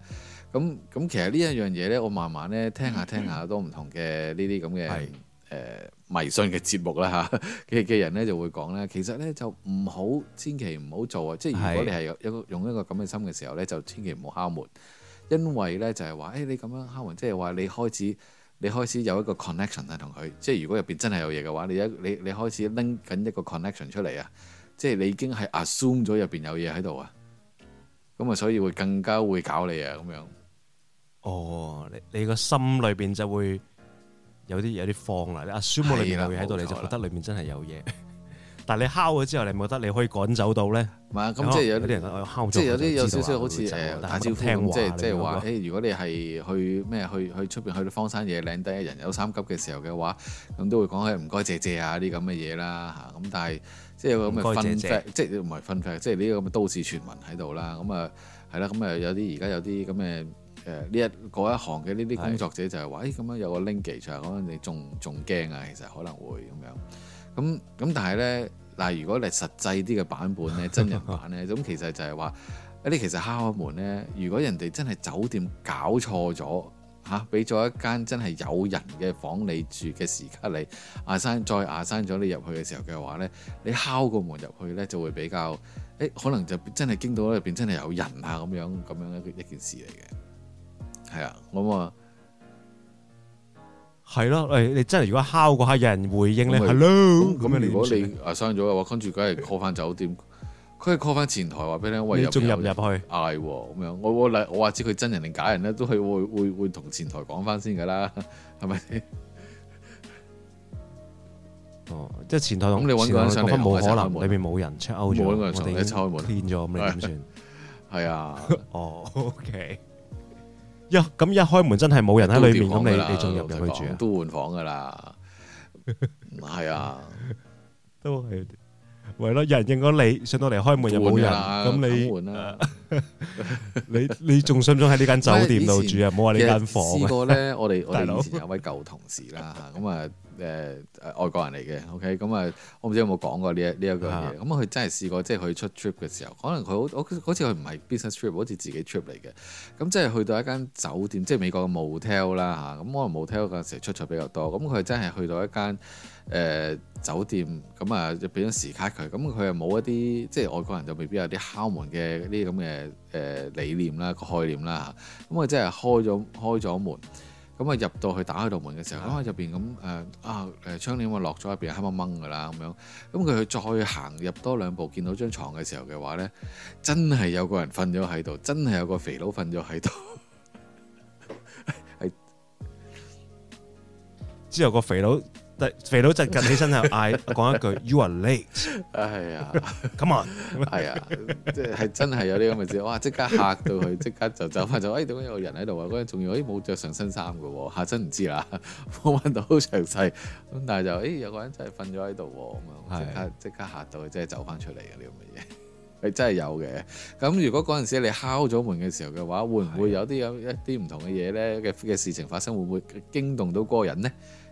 咁咁、嗯、的其實呢一樣嘢咧，我慢慢咧聽下聽下，都唔同嘅呢啲咁嘅誒。迷信嘅節目啦嚇，嘅 嘅人咧就會講咧，其實咧就唔好，千祈唔好做啊！的即係如果你係有一個用一個咁嘅心嘅時候咧，就千祈唔好敲門，因為咧就係、是、話，誒、欸、你咁樣敲門，即係話你開始你開始有一個 connection 啊同佢，即係如果入邊真係有嘢嘅話，你一你你開始拎緊一個 connection 出嚟啊，即係你已經係 assume 咗入邊有嘢喺度啊，咁啊所以會更加會搞你啊咁樣。哦，你你個心裏邊就會。有啲有啲放啦，你 assume 喺度，你就覺得裏面真係有嘢。但你敲咗之後，你冇得你可以趕走到咧？唔咁、就是、即係有啲人我敲咗，即係有啲有少少好似誒打招呼即係即係話如果你係去咩去去出邊去到荒山野嶺得一人有三急嘅時候嘅話，咁都會講唔該謝謝啊啲咁嘅嘢啦嚇。咁但係即係有咁嘅分 f 即係唔係即係呢啲咁嘅都市傳聞喺度啦。咁啊係啦，咁啊有啲而家有啲咁嘅。誒呢一一行嘅呢啲工作者就係話：咦咁是、哎、樣有個 link 機，就可能你仲仲驚啊。其實可能會咁樣咁咁，但係咧嗱，如果你實際啲嘅版本咧， 真人版咧，咁其實就係話：你其實敲開門咧，如果人哋真係酒店搞錯咗嚇，俾、啊、咗一間真係有人嘅房你住嘅時間，你牙山再牙山咗你入去嘅時候嘅話咧，你敲個門入去咧就會比較誒、哎，可能就真係驚到入邊真係有人啊咁樣咁樣一一件事嚟嘅。係啊，咁啊，係咯，你真係如果敲嗰下有人回應咧，Hello，咁樣。如果你啊刪咗嘅話，跟住梗係 call 翻酒店，佢係 call 翻前台，話俾你喂入入入去，嗌咁樣。我我嚟，我話知佢真人定假人咧，都係會會會同前台講翻先噶啦，係咪？哦，即係前台咁，你搵個人上嚟，冇可能裏邊冇人 check out 咗，我哋一門，變咗咁樣點算？係啊，哦，OK。一咁，一開門真係冇人喺裏面，咁你你仲入唔入去住啊？都換房噶啦係啊，都係，係咯，有人認咗你，上到嚟開門又冇人，咁你你你仲想唔想喺呢間酒店度住啊？唔好話呢間房。試過我咧，我哋我哋以前有位舊同事啦，吓，咁啊。誒、呃、外國人嚟嘅，OK，咁、嗯、啊，我唔知有冇講過呢一呢 Yeah. 一個嘢。咁、嗯、佢真係試過，即係佢出 trip 嘅時候，可能佢好，好似佢唔係 business trip，好似自己 trip 嚟嘅。咁、嗯、即係去到一間酒店，即係美國嘅 motel 啦嚇。咁、嗯、可能 motel 嗰陣時出錯比較多。咁、嗯、佢真係去到一間誒、呃、酒店，咁、嗯、啊，俾咗匙卡佢。咁佢又冇一啲，即係外國人就未必有啲敲門嘅啲咁嘅誒理念啦、概念啦嚇。咁佢真係開咗開咗門。咁啊入到去打開道門嘅時候，咁啊入邊咁誒啊誒窗簾咪落咗入邊，黑濛濛噶啦咁樣。咁佢去再行入多兩步，見到張床嘅時候嘅話咧，真係有個人瞓咗喺度，真係有個， 個肥佬瞓咗喺度。係。之後個肥佬。肥佬就趌起身就嗌講一句 ：You are late。哎呀，Come on！啊， 即係真係有啲咁嘅事，哇！即刻嚇到佢，即刻就走翻 就，哎，點解有人喺度？嗰陣仲要，哎冇着上身衫嘅喎，嚇真唔知啦，冇揾到好詳細。咁但係就，哎，有個人真係瞓咗喺度喎，咁啊的，即刻即刻嚇到佢，即係走翻出嚟嘅啲咁嘅嘢，係、這個、真係有嘅。咁如果嗰陣時你敲咗門嘅時候嘅話，會唔會有啲有一啲唔同嘅嘢咧嘅嘅事情發生？ 會唔會驚動到嗰個人咧？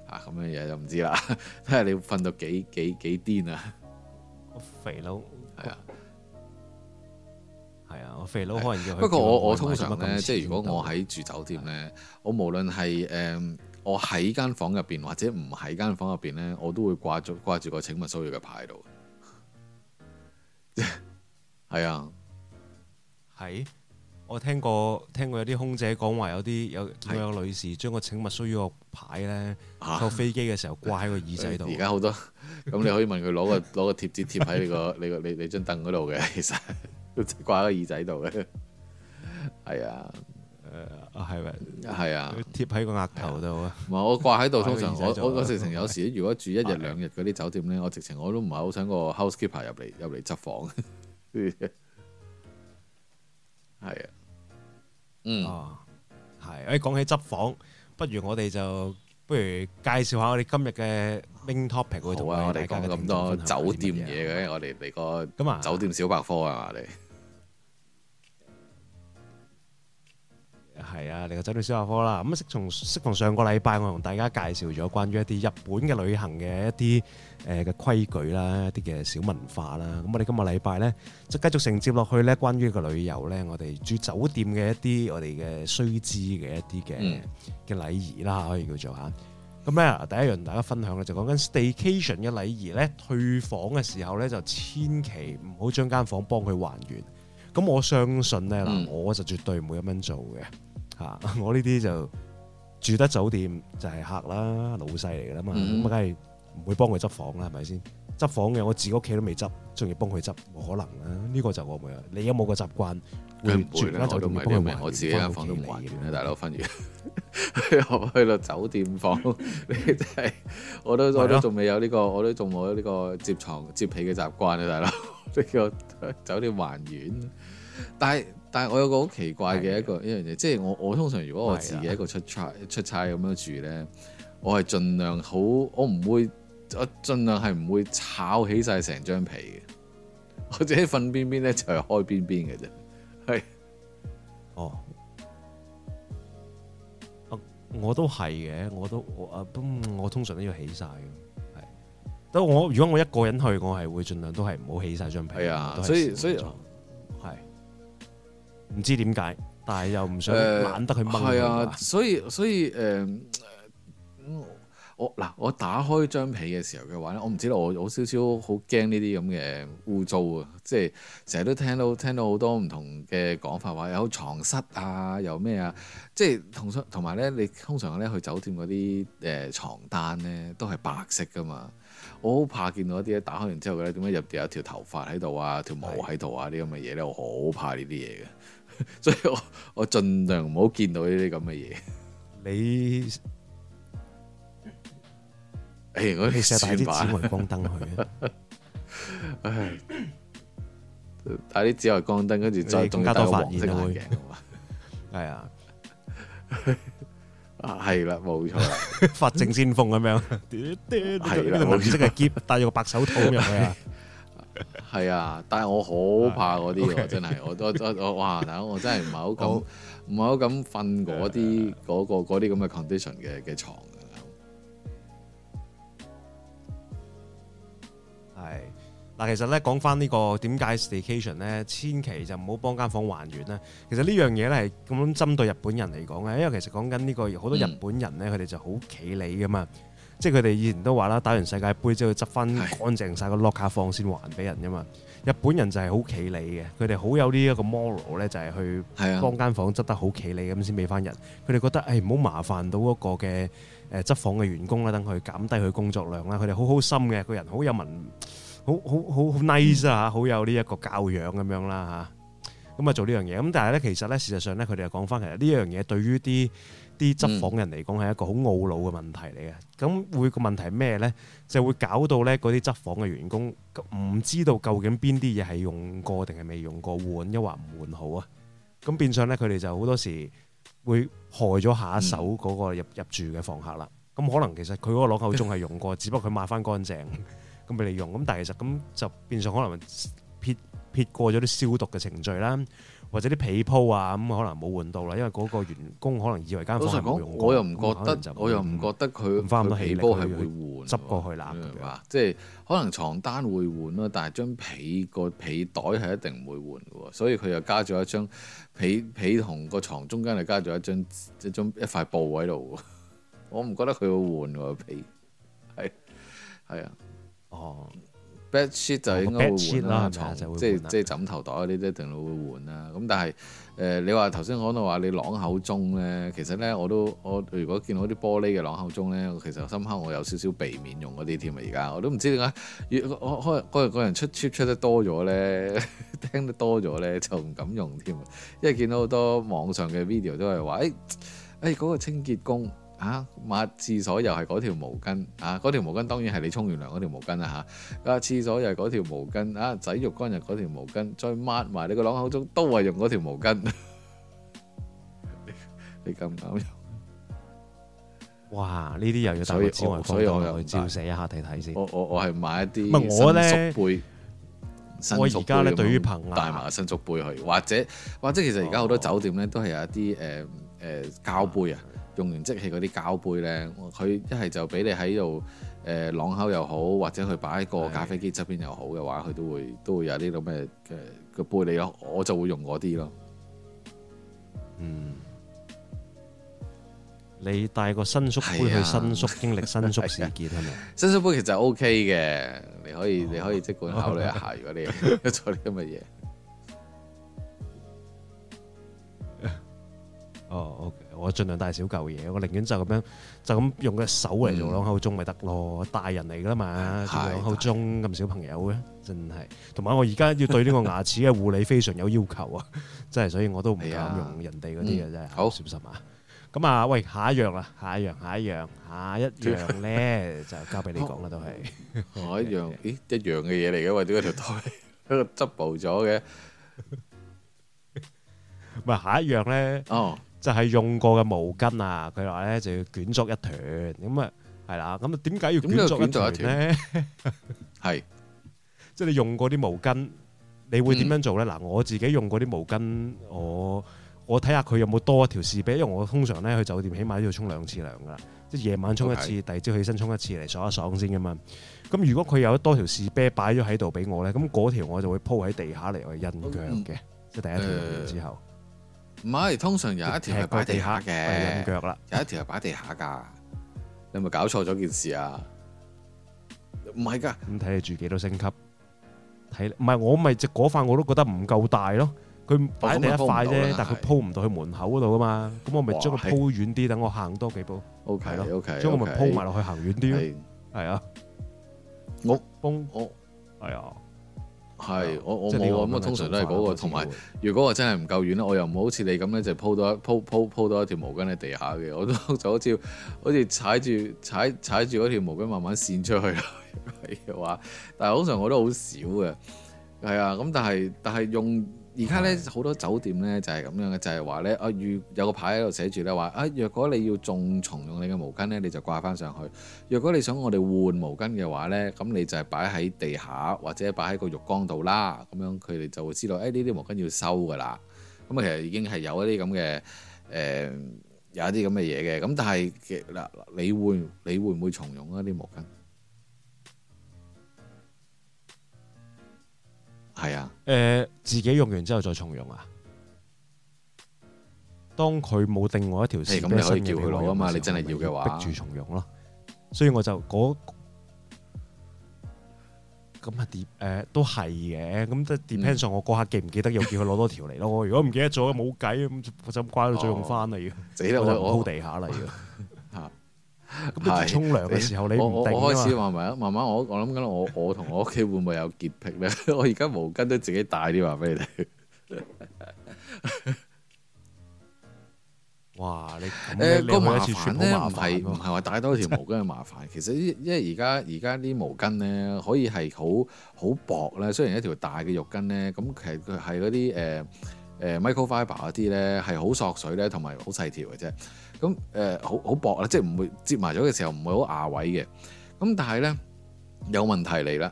啊咁嘅嘢就唔知啦，睇下你瞓到幾幾幾癲啊！啊我肥佬係啊，係啊，我肥佬可以做。不過、啊、我我通常咧，麼麼即係如果我喺住酒店咧、啊呃，我無論係誒我喺間房入邊或者唔喺間房入邊咧，我都會掛住掛住個請勿騷擾嘅牌度。係 啊，喺、啊。我聽過聽過有啲空姐講話有啲有有女士將個請勿騷擾牌呢，坐飛機嘅時候掛喺個耳仔度。而家好多，咁你可以問佢攞個攞 個貼紙貼喺你個呢個呢張凳嗰度嘅，其實都掛喺個耳仔度嘅。係 啊，誒係咪？係啊，貼喺個額頭度。唔係、啊、我掛喺度，通常 我我直情有時如果住一日兩日嗰啲酒店呢、啊，我直情我都唔係好想個 housekeeper 入嚟入嚟執房。 係啊，嗯，哦，係，誒，講起執房，不如我哋就不如介紹下我哋今日嘅 Wing topic 可以啊！我哋講咁多酒店嘢嘅，啊、我哋嚟個，個酒店小百科啊！我哋。係啊，呢個酒店小百科啦。咁啊、嗯，從從上個禮拜我同大家介紹咗關於一啲日本嘅旅行嘅一啲誒嘅規矩啦，一啲嘅小文化啦。咁、嗯、我哋今個禮拜咧，就繼續承接落去咧，關於個旅遊咧，我哋住酒店嘅一啲我哋嘅須知嘅一啲嘅嘅禮儀啦，可以叫做嚇。咁咧、嗯、第一樣同大家分享嘅就講緊 staycation 嘅禮儀咧，退房嘅時候咧，就千祈唔好將間房幫佢還原。咁我相信咧，嗱、嗯、我就絕對唔會咁樣做嘅。啊！ 我呢啲就住得酒店就係客啦，老細嚟噶啦嘛，咁梗係唔會幫佢執房啦，係咪先？執房嘅我自己屋企都未執，仲要幫佢執，冇可能啦。呢、這個就我冇啦。你有冇個習慣會住翻酒店幫佢換翻屋企嘅嘢咧？大佬反而去到酒店房，你真係我都我都仲未有呢、這個啊這個，我都仲冇呢個摺床摺被嘅習慣啊！大佬呢 個酒店還原，但係。但係我有個好奇怪嘅一個一樣嘢，的即係我我通常如果我自己一個出差的出差，咁樣住咧，我係盡量好，我唔會我盡量係唔會炒起晒成張被嘅，或者瞓邊邊咧就係開邊邊嘅啫，係哦，我都係嘅，我都我啊，我通常都要起晒嘅，係。但我如果我一個人去，我係會盡量都係唔好起晒張被。係啊的，所以所以。唔知點解，但係又唔想懶得去掹。係、呃、啊，所以所以誒、呃嗯，我嗱、呃，我打開張被嘅時候嘅話咧，我唔知道，我有少少好驚呢啲咁嘅污糟啊！即係成日都聽到聽到好多唔同嘅講法話，有床蝨啊，有咩啊？即係同同埋咧，你通常咧去酒店嗰啲誒牀單咧都係白色噶嘛，我好怕見到一啲咧打開完之後咧，點解入邊有條頭髮喺度啊，條毛喺度啊啲咁嘅嘢咧，我好怕呢啲嘢嘅。所以我我盡量唔好見到呢啲咁嘅嘢。你誒，我試下帶啲紫外光燈去。唉， 打啲紫外光燈，跟住再戴對黃色眼鏡。係會 是啊， 啊係啦，冇錯，啊，法證、啊、 先鋒咁樣。係 啦，啊，黃色嘅夾，戴住白手套咁樣。 係啊，但係我好怕嗰啲嘅，Okay. 真係我都哇，嗱我真係唔係好敢唔係好敢瞓嗰啲個啲咁嘅 condition 嘅嘅床嘅。係嗱，其實咧講翻呢個點解 staycation 咧，千祈就唔好幫間房還原啦。其實呢、這個、呢，其實呢樣嘢咧係咁針對日本人嚟講咧，因為其實講緊呢個好多日本人咧，佢哋、嗯、就好企理噶嘛即係佢哋以前都話啦，打完世界盃之後執翻乾淨晒個 locker 房先還俾人啫嘛。日本人就係好企理嘅，佢哋好有呢一個 moral 咧，就係去幫間房執得好企理咁先俾翻人。佢哋覺得誒唔好麻煩到嗰個嘅誒執房嘅員工啦，等佢減低佢工作量啦。佢哋好好心嘅，個人好有文，好好好 nice 啊嚇，好、嗯、有呢一個教養咁樣啦吓，咁啊做呢樣嘢咁，但係咧其實咧事實上咧，佢哋又講翻其實呢樣嘢對於啲啲執房人嚟講係一個好懊惱嘅問題嚟嘅，咁會個問題係咩呢？就係、會搞到咧嗰啲執房嘅員工唔知道究竟邊啲嘢係用過定係未用過換，一或唔換好啊！咁變相咧佢哋就好多時會害咗下一手嗰個入、嗯、入住嘅房客啦。咁可能其實佢嗰個攞口盅係用過， 只不過佢抹翻乾淨咁俾你用，咁但係其實咁就變相可能撇撇過咗啲消毒嘅程序啦。或者啲被鋪啊，咁、嗯、可能冇換到啦，因為嗰個員工可能以為間房唔用過，我又唔覺得，我又唔覺得佢返被鋪係會換執過去啦。係嘛？ 即係可能床單會換啦，但係張被個被袋係一定唔會換嘅，所以佢又加咗一張被被同個床中間又加咗一張一張一塊布喺度。 我唔覺得佢會換喎被，係係啊哦。 bedsheet 就應該會換啦，牀即係即係枕頭袋嗰啲一定會換啦。咁、mm hmm. 但係誒、呃，你話頭先講到話你朗口中咧，其實咧我都我如果見到啲玻璃嘅朗口中咧，其實深刻我有少少避免用嗰啲添啊。而家我都唔知點解越我可能個人出 trip 出得多咗咧，聽得多咗咧就唔敢用添啊，因為見到好多網上嘅 video 都係話誒誒嗰個清潔工。啊！抹廁所又係嗰條毛巾啊！嗰條毛巾當然係你沖完涼嗰、啊啊、條毛巾啦嚇！啊，廁所又係嗰條毛巾啊，仔浴幹又嗰條毛巾，再抹埋你個漱口盅都係用嗰條毛巾。哈哈你敢唔敢用？哇！呢啲又要帶所以，哦、所以我又去照寫一下睇睇先。我我我係買一啲伸縮杯。我而家咧對於朋友帶埋伸縮杯去，或者或者其實而家好多酒店呢，都係有一啲誒誒膠杯啊。用完即棄嗰啲膠杯咧，佢一係就俾你喺度誒朗口又好，或者佢擺喺個咖啡機側邊又好嘅話，佢都會都會有呢咁嘅嘅個杯你咯。我就會用嗰啲咯。嗯，你帶個新宿杯去新宿、啊、經歷新宿事件係咪？啊啊、新宿杯其實 O K 嘅，你可以、哦、你可以即管考慮一下。哦 okay. 如果你做啲咁嘅嘢？哦 oh，OK。我盡量帶小嚿嘢，我寧願就咁樣，就咁用隻手嚟做兩口鐘咪得咯。大人嚟噶啦嘛，兩口鐘咁小朋友嘅真係。同埋我而家要對呢個牙齒嘅護理非常有要求啊，真係。所以我都唔敢用人哋嗰啲嘢，真係，啊，嗯、好小心啊。咁啊，喂，下一樣啦，下一樣，下一樣，下一樣咧，就交俾你講啦，都係。下一樣， 咦，一樣嘅嘢嚟嘅，喂，點解條台喺度執步咗嘅？唔係下一樣咧，哦。Oh. 就係用過嘅毛巾啊！佢話咧就要捲足一團咁啊，係啦，咁點解要捲足一團咧？係，即係 是的 你用過啲毛巾，你會點樣做咧？嗱、嗯，我自己用過啲毛巾，我我睇下佢有冇多一條士啤，因為我通常咧去酒店起碼都要沖兩次涼噶啦，即係夜晚沖一次，Okay. 第二朝起身沖一次嚟爽一爽先噶嘛。咁如果佢有多條士啤擺咗喺度俾我咧，咁嗰條我就會鋪喺地下嚟我印腳嘅，Okay. 嗯、即係第一條之後。唔係，通常有一條係擺地下嘅腳啦，有一條係擺地下噶。你係咪搞錯咗件事啊？唔係噶。咁睇你住幾多星級？睇唔係我咪隻嗰塊我都覺得唔夠大咯。佢擺第一塊啫，但係佢鋪唔到去門口嗰度㗎嘛。咁我咪將佢鋪遠啲，等我行多幾步。O K 咯，O K。將我咪鋪埋落去，行遠啲咯。係啊，屋崩屋，係啊。係，我即是 我冇啊，咁啊通常都係嗰個，同埋如果我真係唔夠遠咧，我又唔好似你咁咧，就鋪到一鋪鋪鋪到一條毛巾喺地下嘅，我都就好似好似踩住踩踩住嗰條毛巾慢慢綫出去咯，係 話，但係通常我都好少嘅，係啊，咁但係但係用。而家咧好多酒店咧就係咁樣嘅，就係話咧啊，遇、就是、有個牌喺度寫住咧話啊，若果你要重用你嘅毛巾咧，你就掛翻上去；若果你想我哋換毛巾嘅話咧，咁你就係擺喺地下或者擺喺個浴缸度啦。咁樣佢哋就會知道誒呢啲毛巾要收㗎啦。咁啊，其實已經係有一啲咁嘅誒有一啲咁嘅嘢嘅。咁但係其嗱，你會你會唔會重用一啲毛巾？係啊，誒、嗯，自己用完之後再重用啊。當佢冇定我一條線咧，需要佢攞啊嘛。你，我我你真係要嘅話，逼住重用咯。所以我就嗰咁啊，跌、那、誒、個呃，都係嘅。咁即係 depends on 我嗰刻記唔記得又叫佢攞多條嚟咯。嗯、我如果唔記得咗，冇計啊，咁就怪到再用翻嚟嘅。死、哦、 我就鋪地下啦。哦 係沖涼嘅時候你，你我我，我開始話埋啦，慢慢我我諗緊，我我同我屋企會唔會有潔癖咧？ 我而家毛巾都自己帶啲話俾你哋。。 哇！你誒個、呃、麻煩咧，唔係唔係話帶多條毛巾嘅麻煩。 其實因因為而家而家啲毛巾咧，可以係好好薄咧。雖然一條大嘅浴巾咧，咁其實佢係嗰啲誒誒 microfiber 嗰啲咧，係、呃、好、呃、索水咧，同埋好細條嘅啫。咁誒好好薄啦，即係唔會折埋咗嘅時候唔會好壓位嘅。咁但係咧有問題嚟啦。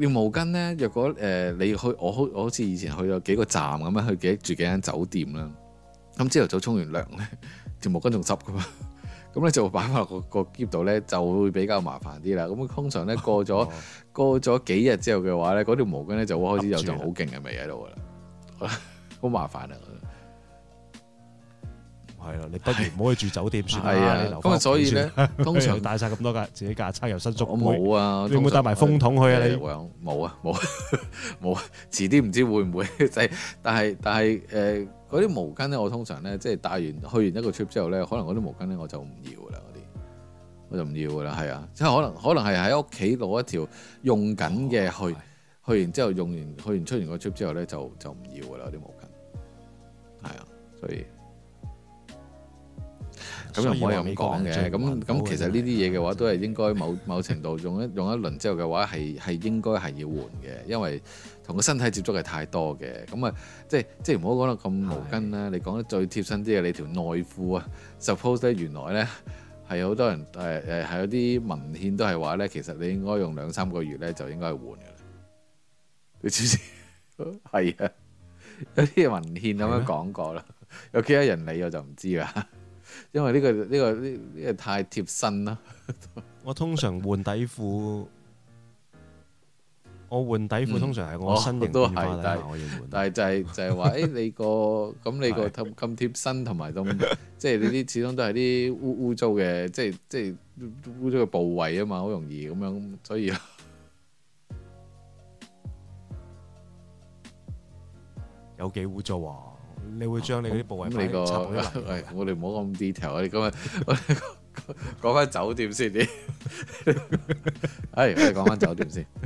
條毛巾咧，若果誒、呃、你去我，我好我好似以前去咗幾個站咁樣去幾住幾間酒店啦。咁朝頭早沖完涼咧，條毛巾仲濕噶嘛。咁 咧就擺落個個喼度咧，就會比較麻煩啲啦。咁通常咧過咗、哦、過咗幾日之後嘅話咧，嗰條毛巾咧就會開始有陣好勁嘅味喺度噶啦，好 麻煩啊！係啦，你不如唔好去住酒店算啦。咁的所以咧，通常帶晒咁多架自己架餐又失足，我冇啊！會唔會帶埋風筒去啊？常你冇啊，冇啊，冇 啊！遲啲唔知會唔會就係？但係但係誒，嗰、呃、啲毛巾咧，我通常咧即係帶完去完一個 trip 之後咧，可能嗰啲毛巾咧我就唔要噶啦，嗰啲我就唔要噶啦，係啊，即係可能可能係喺屋企攞一條用緊嘅、哦、去的去完之後用完去完出完個 trip 之後咧就就唔要噶啦，啲毛巾係啊，嗯、所以。咁又唔可以咁講嘅。咁咁其實呢啲嘢嘅話，都係應該某某程度 用一用一輪之後嘅話，係係應該係要換嘅，因為同個身體接觸係太多嘅。咁啊，即係即係唔好講得咁毛巾啦。的你講得最貼身啲嘅，你條內褲啊，suppose 咧原來咧係好多人誒誒係有啲文獻都係話咧，其實你應該用兩三個月咧就應該係換嘅啦。你知唔知？係 啊，有啲文獻咁樣講過啦。的 有幾多人理我就唔知啦。因為呢、這個呢、這個呢呢、這個太貼身啦。 我通常換底褲、 嗯哦，我換底褲通常係我身嘅都係，但係就係、是、就係、是、話，誒、欸、你個咁 你個咁咁貼身同埋咁，即係 你啲始終都係啲污污糟嘅，即係即係污糟嘅部位啊嘛，好容易咁樣，所以 有幾污糟啊！你會將你嗰啲部位，啊？咁你個，哎、我哋唔好咁 detail 啊！你今日講翻酒店先先， 哎，我哋講翻酒店先。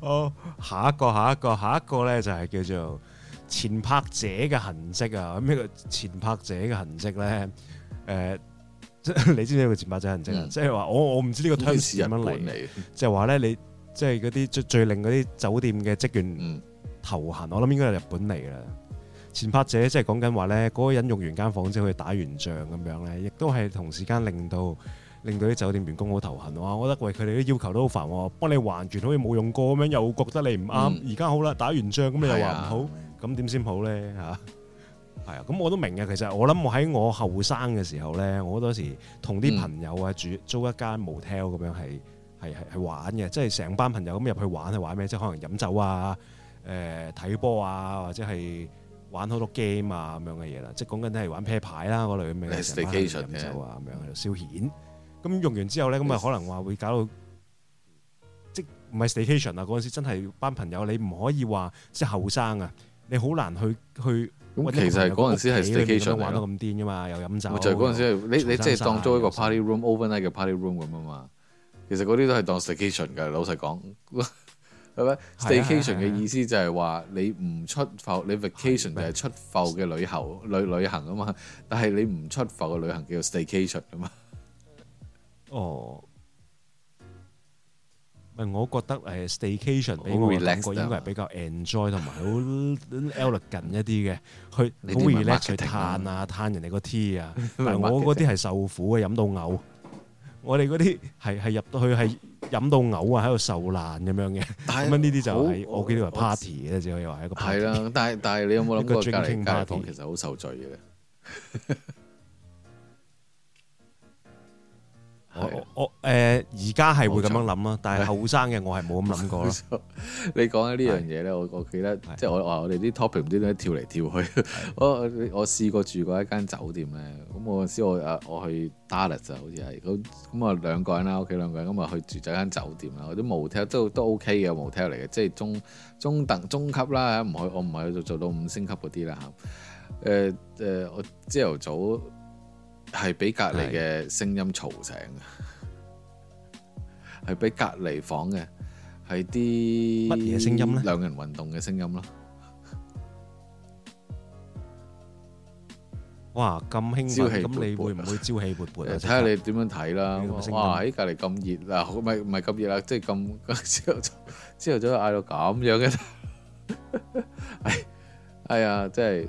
哦，下一個，下一個，下一個咧就係、是、叫做前泊者嘅痕跡啊！咩個前泊者嘅痕跡咧？誒，即你知唔知個前泊者痕跡啊？即係話我我唔知呢個 terms 點樣嚟，就話咧你即係嗰啲最最令嗰啲酒店嘅職員。嗯頭痕，我諗應該係日本嚟啦。前泊者即係講緊話咧，嗰個人用完間房之後，打完仗咁樣咧，亦都係同時間令到令到啲酒店員工好頭痕。我覺得喂，佢哋啲要求都好煩喎。幫你還完好似冇用過咁樣，又覺得你唔啱。而家、嗯、好啦，打完仗咁又話唔好，咁點先好咧嚇？係啊，咁、 啊、我都明嘅。其實我諗我喺我後生嘅時候咧，我好多時同啲朋友啊住、嗯、租一間 motel 咁樣係係係玩嘅，即係成班朋友咁入去玩去玩咩？即係可能飲酒啊。誒睇波啊，或者係玩好多 game 啊咁樣嘅嘢啦，即係講緊都係玩啤牌啦嗰類咁嘅嘢，飲酒啊咁樣喺度消遣。咁用完之後咧，咁啊可能話會搞到即係唔係 staycation 啊？嗰陣時真係班朋友，你唔可以話即係後生啊，你好難去去。咁其實係嗰陣時係 staycation 玩得咁癲㗎嘛，又飲酒。就係嗰陣時，你你即係當租一個 party room overnight 嘅 party room 咁啊嘛。其實嗰啲都係當 staycation 㗎，老實講。係咪？Staycation 嘅意思就係話你唔出埠，你 vacation 就係出埠嘅旅遊、旅旅行啊嘛。但係你唔出埠嘅旅行叫做 Staycation 啊嘛。哦，唔係，我覺得誒 Staycation 你 relax 應該係比較 enjoy 同埋好 elegant 一啲嘅，佢好 relax 去嘆啊嘆人哋個 tea 啊。我嗰啲係受苦嘅，飲到嘔。我哋嗰啲係係入到去係。 飲到嘔 party, 是啊，喺度受難咁樣嘅，咁樣呢啲就係我叫做 party 嘅，只可以話係一個。係啦，但係但係你有冇諗過 drinking 隔離街？其實好受罪嘅。 我我誒而家係會咁樣諗啦，但係後生嘅我係冇咁諗過 你講緊呢樣嘢咧，我的我記得，的即係我話我哋啲 topic 唔知點解跳嚟跳去。的 我我試過住過一間酒店咧，咁我嗰陣時我誒我去 Dallas 好似係咁咁啊，兩個人啦，屋企得兩個人咁啊，去住咗間酒店啦，啲 hotel 都都 OK 嘅 hotel 嚟嘅，即係中中等中級啦，唔去我唔係去做到五星級嗰啲啦嚇。誒、嗯、誒、呃，我朝頭早。係俾隔籬嘅聲音嘈醒嘅，係俾隔離房嘅係啲乜嘢聲音咧？兩人運動嘅聲音咯。 哇，咁興奮，咁你會唔會朝氣勃勃？睇下你點樣睇啦！哇，喺隔離咁熱啊，唔係唔係咁熱啦，即係咁朝朝頭早嗌到咁樣嘅。係係啊，即、哎、係。即係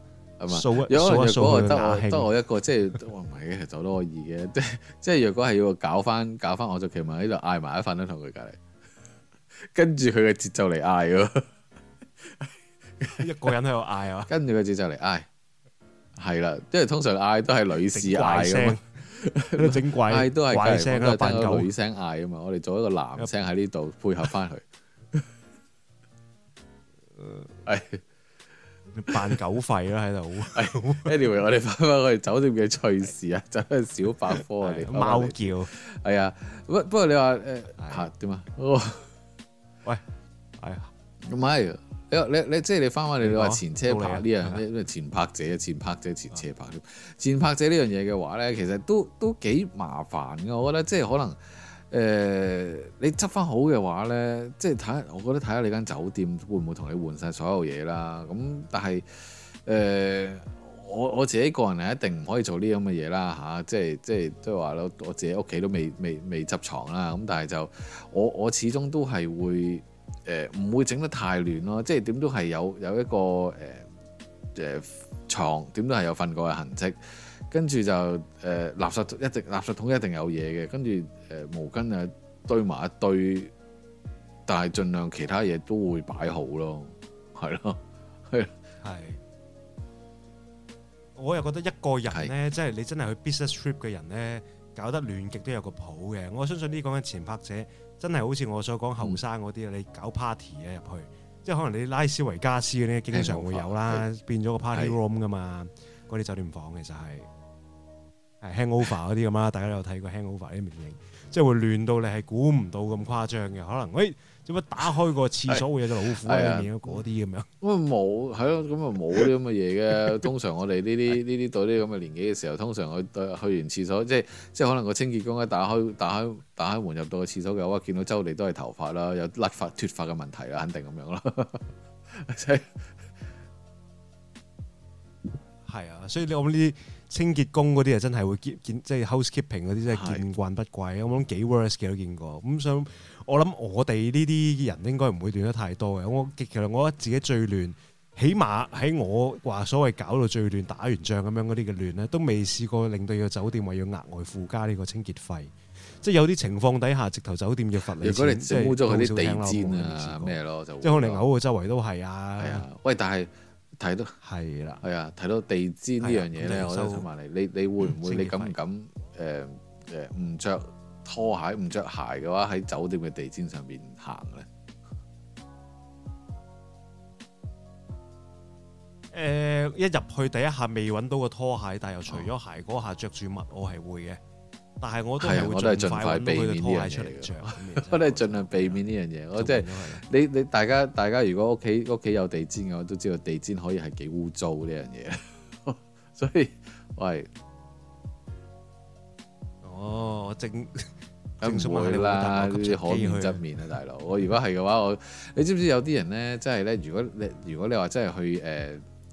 如果如果我得我得我一個即係都唔係嘅，其實都可以嘅。即即係若果係要搞翻搞翻，我就期望喺度嗌埋一份咧，同佢隔籬，跟住佢嘅節奏嚟嗌咯。一個人喺度嗌啊！跟住個節奏嚟嗌，係啦，因為通常嗌都係女士嗌嘅嘛，整鬼都係都係聽到女聲嗌啊嘛。我哋做一個男聲喺呢度配合翻佢。誒。扮狗吠啦喺度，Anyway 我哋翻翻我哋酒店嘅趣事啊，走去小百科啊，啲貓叫，係啊，咁不過你話誒嚇點啊？喂，係啊、 哎呀，唔係你你你即係你翻翻你話說前車拍呢樣咩？前泊者、前泊者、前車拍的前泊者呢樣嘢嘅話咧，其實都都幾麻煩嘅，我覺得即係可能。誒、呃，你執翻好嘅話呢，即係睇，我覺得睇下你間酒店會唔會同你換晒所有嘢啦。咁、嗯、但係誒、呃，我我自己個人係一定唔可以做呢啲咁嘅嘢啦嚇、啊。即係即係都係話我自己屋企都未未未執床啦。咁、嗯、但係就我我始終都係會唔、呃、會整得太亂咯。即係點都係有有一個誒誒牀點都係有瞓過嘅痕跡，跟住就誒、呃、垃圾一直垃圾桶一定有嘢嘅，跟住。誒毛巾啊，堆埋一堆，但係儘量其他嘢都會擺好咯，係咯，係。我又覺得一個人咧，的即係你真係去 business trip 嘅人咧，搞得亂極都有個譜嘅。我相信呢講緊前泊者，真係好似我所講後生嗰啲啊，嗯、你搞 party 啊入去，即係可能你拉斯維加斯嗰啲經常會有啦，Hang over, 它變咗個 party room 噶嘛，嗰啲的酒店房其實係 hangover 嗰啲咁啦，大家都有睇過 hangover 啲名影。 即係會亂到你係估唔到咁誇張嘅，可能喂，做、欸、乜打開個廁所會有隻老虎喺嗰啲咁樣，嗯，咁啊冇，係咯，咁啊冇啲咁嘅嘢嘅。 通常我哋呢啲呢啲到呢咁嘅年紀嘅時候，通常去去完廁所，即係即係可能個清潔工一打開打開打開門入到個廁所嘅話，見到周地都係頭髮啦，有甩髮、脫髮嘅問題啦，肯定咁樣啦。係啊，所以你我哋。清潔工嗰啲啊，真係會見即係 housekeeping 嗰啲，真係見慣不怪。的我諗幾 worst 嘅都見過。咁所以，我諗我哋呢啲人應該唔會亂得太多嘅。我其實我自己最亂，起碼喺我話所謂搞到最亂、打完仗咁樣嗰啲嘅亂咧，都未試過令到個酒店話要額外附加呢個清潔費。即係有啲情況底下，直頭酒店要罰你錢，你知知即係污糟啲地氈啊咩咯，啊、即係可能嘔到周圍都係啊。係啊，喂，但係。睇到係啦，係啊的，睇到地氈呢樣嘢咧，的我想問收你，你你會唔會，你敢唔敢？誒、呃、誒，唔、呃、着拖鞋、唔着鞋嘅話，喺酒店嘅地氈上面行咧？誒、呃，一入去第一下未揾到個拖鞋，但又除咗鞋嗰、哦、下着住襪我，我係會嘅。但係我覺得係，我都係盡快避免呢啲嘢出嚟嘅。 我都係 盡量避免呢樣嘢。我即係 你你大家大家如果屋企屋企有地氈嘅，我都知道地氈可以係幾污糟呢樣嘢。 所以喂，哦我正，梗唔 會啦，啲 可遠則面啊，大佬。 我如果係嘅話，我你知唔知有啲人咧，真係咧，如果你如果你話真係去誒誒、呃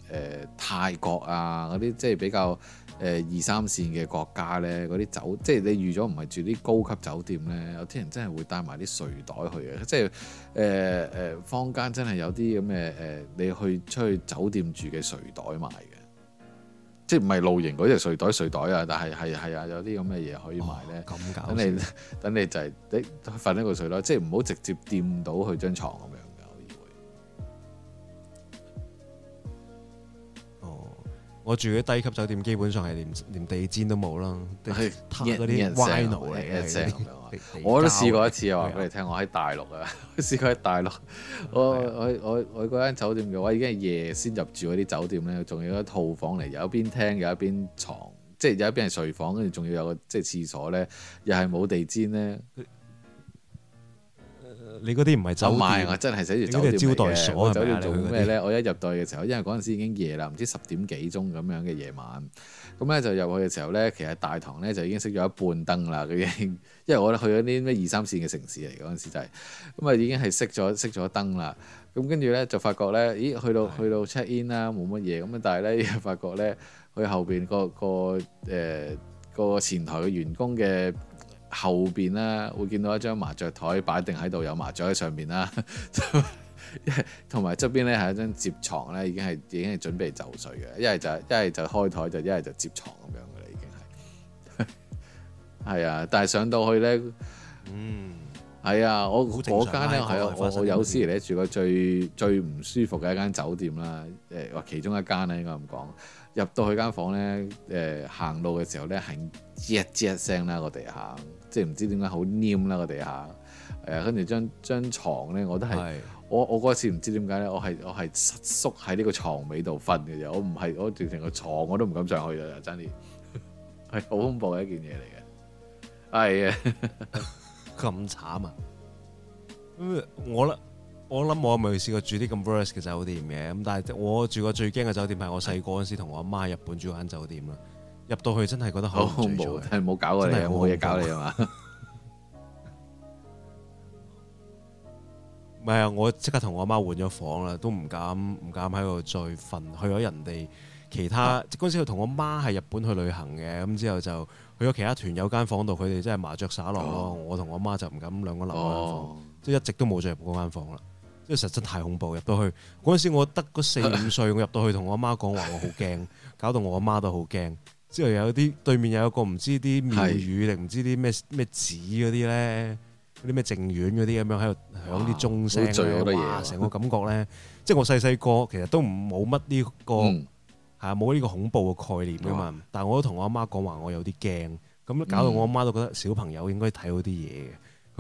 呃呃、泰國啊嗰啲，即係比較。誒二三線嘅國家咧，嗰啲酒即係你預咗唔係住啲高級酒店咧，有啲人真係會帶埋啲睡袋去嘅，即係誒誒坊間真係有啲咁嘅誒，你去出去酒店住嘅睡袋賣嘅，即係唔係露營嗰隻睡袋睡袋啊？但係係係啊，有啲咁嘅嘢可以賣咧。咁、哦、搞笑等你等你就係、是、你瞓喺個睡袋，即係唔好直接掂到佢張床。咁我住嗰低級酒店，基本上係連連地氈都冇啦，係塌嗰啲歪腦嚟嘅正，我都是試過一次話俾你聽， 我喺大陸啊， 試過喺大陸，我是、啊、我我我嗰間酒店嘅話已經係夜先入住嗰啲酒店咧，仲要一套房嚟，有一邊廳有一邊，有一邊床，即係有一邊係睡房，跟住仲要有個即係廁所咧，又係冇地氈咧。你嗰啲唔係酒店，我真係寫住酒店，招待所酒店咪做咩呢？我一入到嘅時候，因為嗰陣時已經夜啦，唔知十點幾鐘咁樣嘅夜晚，咁呢就入去嘅時候呢，其實大堂呢就已經熄咗一半燈啦。佢已經，因為我咧去咗啲咩二三線嘅城市嚟，嗰陣時就係咁啊，已經係熄咗熄咗燈啦。咁跟住呢，就發覺呢，咦？去到是的 去到 check in 啦，冇乜嘢咁啊，但係呢，又發覺咧，佢後邊、嗰個、嗰個誒、嗰個前台嘅員工嘅。後邊呢會見到一張麻雀台擺定喺度，有麻雀喺上面啦，同埋側邊呢，係一張摺床，呢已經係已經係準備就緒嘅，一係就一係就開台，就一係就摺床咁樣嘅啦，已經係，係 啊！但係上到去呢，嗯，係啊，我嗰間呢係我有史嚟住過最最唔舒服嘅一間酒店啦，誒，話其中一間呢應該咁講。入到佢間房咧，誒、呃、行路嘅時候咧，係吱一吱一聲啦個地下，即係唔知點解好黏啦、個地下，誒、呃、跟住張張牀咧，我都係的我我嗰次唔知點解咧，我係我係縮喺呢個床尾度瞓嘅時我唔係我完成個床，我都唔敢上去嘅真啲，係好恐怖嘅一件嘢嚟嘅。係啊，咁 慘啊！我咧。我諗我未試過住啲咁 vers 嘅酒店嘅，咁但係我住過最驚嘅酒店係我細個嗰時同我阿媽日本住嗰間酒店啦，入到去真係覺得好、哦、恐怖，真係冇搞過你，真係冇嘢搞你啊嘛！唔係啊，我即刻同我阿媽換咗房啦，都唔敢唔敢喺度再瞓，去咗人哋其他嗰時同我媽喺日本去旅行嘅，咁之後就去咗其他團友間房度，佢哋真係麻雀耍落咯，哦、我同我媽就唔敢兩個留喺房，即、哦、一直都冇再入嗰間房啦。因為實質太恐怖，入到去嗰陣時，我得嗰四五歲，我入到去同我阿媽講話， 我是好驚，搞到我阿媽都好驚。之後有啲對面有一個唔知啲廟宇定唔知啲咩咩紙嗰啲咧，嗰啲咩靜院嗰啲咁樣喺度響啲鐘聲，哇！成個感覺咧，即係我細細個其實都唔冇乜呢個嚇冇呢個恐怖嘅概念噶嘛。但係我都同我阿媽講話，我有啲驚，咁搞到我阿媽都覺得小朋友應該睇好啲嘢嘅。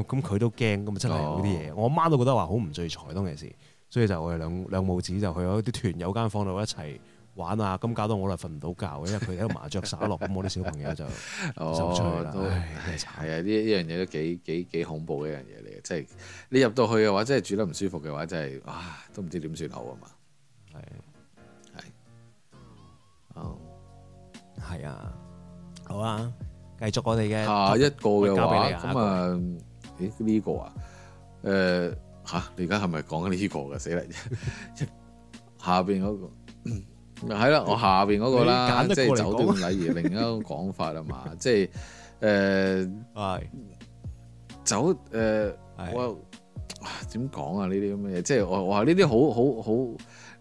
咁佢都驚，咁真係有啲嘢。Oh. 我阿媽都覺得話好唔聚財，當其時，所以就我哋兩兩母子就去咗啲團友間房度一齊玩啊。咁搞到我咧瞓唔到覺，因為佢喺度麻雀耍落，咁 我啲小朋友就受罪啦。係啊、oh, 唉，呢呢樣嘢都是幾幾幾恐怖嘅一樣嘢嚟嘅。即係你入到去嘅話，即係住得唔舒服嘅話，即係哇，都唔知點算好啊嘛。係係係啊，好啊，繼續我哋嘅下一個嘅話咁啊。呢、欸，這個啊，誒、呃、吓、啊、你而家係咪講緊呢個嘅死嚟啦？ 下邊嗰、那個咪係啦，我下邊嗰個啦，即係酒店禮儀另一種講法係嘛，即係誒係，酒、呃、誒我點講啊呢啲咁嘅嘢，即係我話呢啲好好好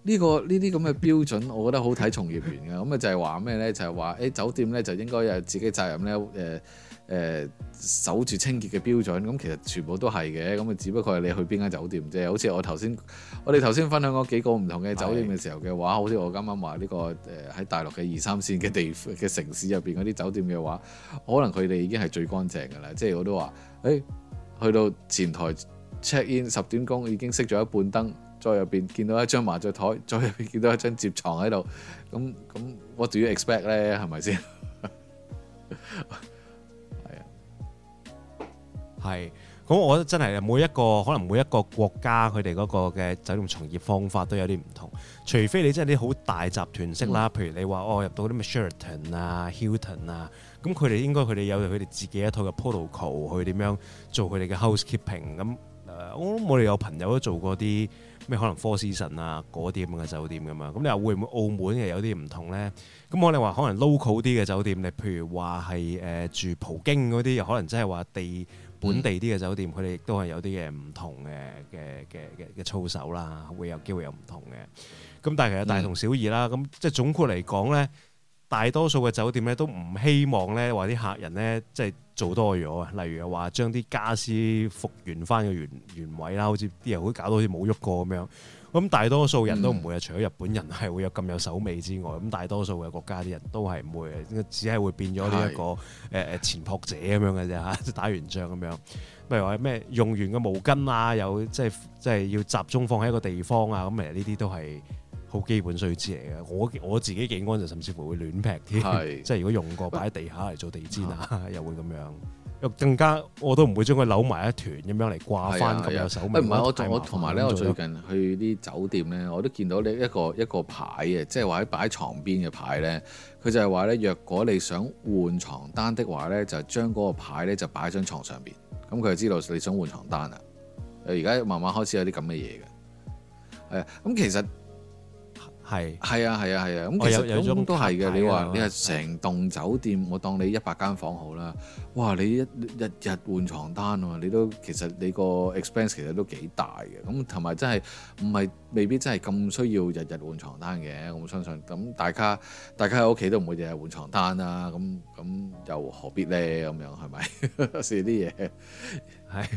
呢、這個呢啲咁嘅標準，我覺得好睇從業員嘅，咁啊 就係話咩咧，就係話誒酒店咧就應該有自己責任咧，誒、呃。呃誒守住清潔嘅標準，咁其實全部都係嘅，咁啊，只不過係你去邊間酒店啫。好似我頭先，我哋頭先分享過幾個唔同嘅酒店嘅時候嘅話，的好似我啱啱話呢個誒喺大陸嘅二三線嘅地嘅城市入邊嗰啲酒店嘅話，可能佢哋已經係最乾淨嘅啦。即係我都話，誒、哎、去到前台 check in 十點鐘已經熄咗一半燈，再入邊見到一張麻雀枱，再入邊見到一張摺床喺度，咁咁 what do you expect 呢？係咪先？ 係，咁我覺得真係每一個可能每一個國家佢哋嗰個嘅酒店從業方法都有啲唔同，除非你真係啲好大集團式啦，嗯、譬如你話哦入到啲 Marriott 啊、Hilton 啊，咁佢哋應該佢哋有佢哋自己一套嘅 protocol 去點樣做佢哋嘅 housekeeping，咁誒、呃、我我哋有朋友都做過啲咩可能 Four Seasons 啊嗰啲咁嘅酒店咁啊，咁你話會唔會澳門嘅有啲唔同咧？咁我哋話可能 local 啲嘅酒店，你譬如話係誒住葡京嗰啲，又可能真係話地本地啲嘅酒店，佢哋亦都係有啲嘅唔同嘅嘅嘅嘅嘅操守啦，會有機會有唔同嘅。咁但係其實大同小異啦。咁即係總括嚟講咧，大多數嘅酒店咧都唔希望咧話啲客人咧即係做多咗啊。例如話將啲家私復原翻個原原位啦，好似啲人會搞到好似冇喐過咁樣。咁、嗯、大多數人都唔會啊，除咗日本人係會有咁有手尾之外，咁大多數嘅國家啲人都係唔會，只係會變咗呢、呢個是呃、一個誒誒前泊者咁樣嘅啫嚇，打完仗咁樣。譬如話咩用完嘅毛巾啊，又即係即係要集中放喺一個地方啊，咁嚟呢啲都係好基本須知嚟嘅。我我自己警安就甚至乎會亂劈添，是即係如果用過擺喺地下嚟做地氈啊，啊啊又會咁樣。又更加我都唔會將佢扭埋一團咁樣嚟掛返佢，有手唔係。我我同埋咧，煩我最近去啲酒店咧，我都見到咧一個一個牌嘅，即係話擺喺床邊嘅牌咧，佢就係話咧，若果你想換床單的話咧，就將嗰個牌咧就擺喺張床上邊，咁佢就知道你想換床單啦。誒而家慢慢開始有啲咁嘅嘢嘅，誒咁、啊嗯、其實。係，係啊，係啊，係啊，咁其實咁都係嘅。啊、你話你係成棟酒店，的我當你一百間房好啦。哇！你一日日換床單喎，你都其實你個 expense 其實都幾大嘅。咁同埋真係唔係未必真係咁需要日日換床單嘅。我相信咁大家大家喺屋企都唔會日日換床單啊。咁咁又何必呢？咁樣係咪？ 試是啲嘢係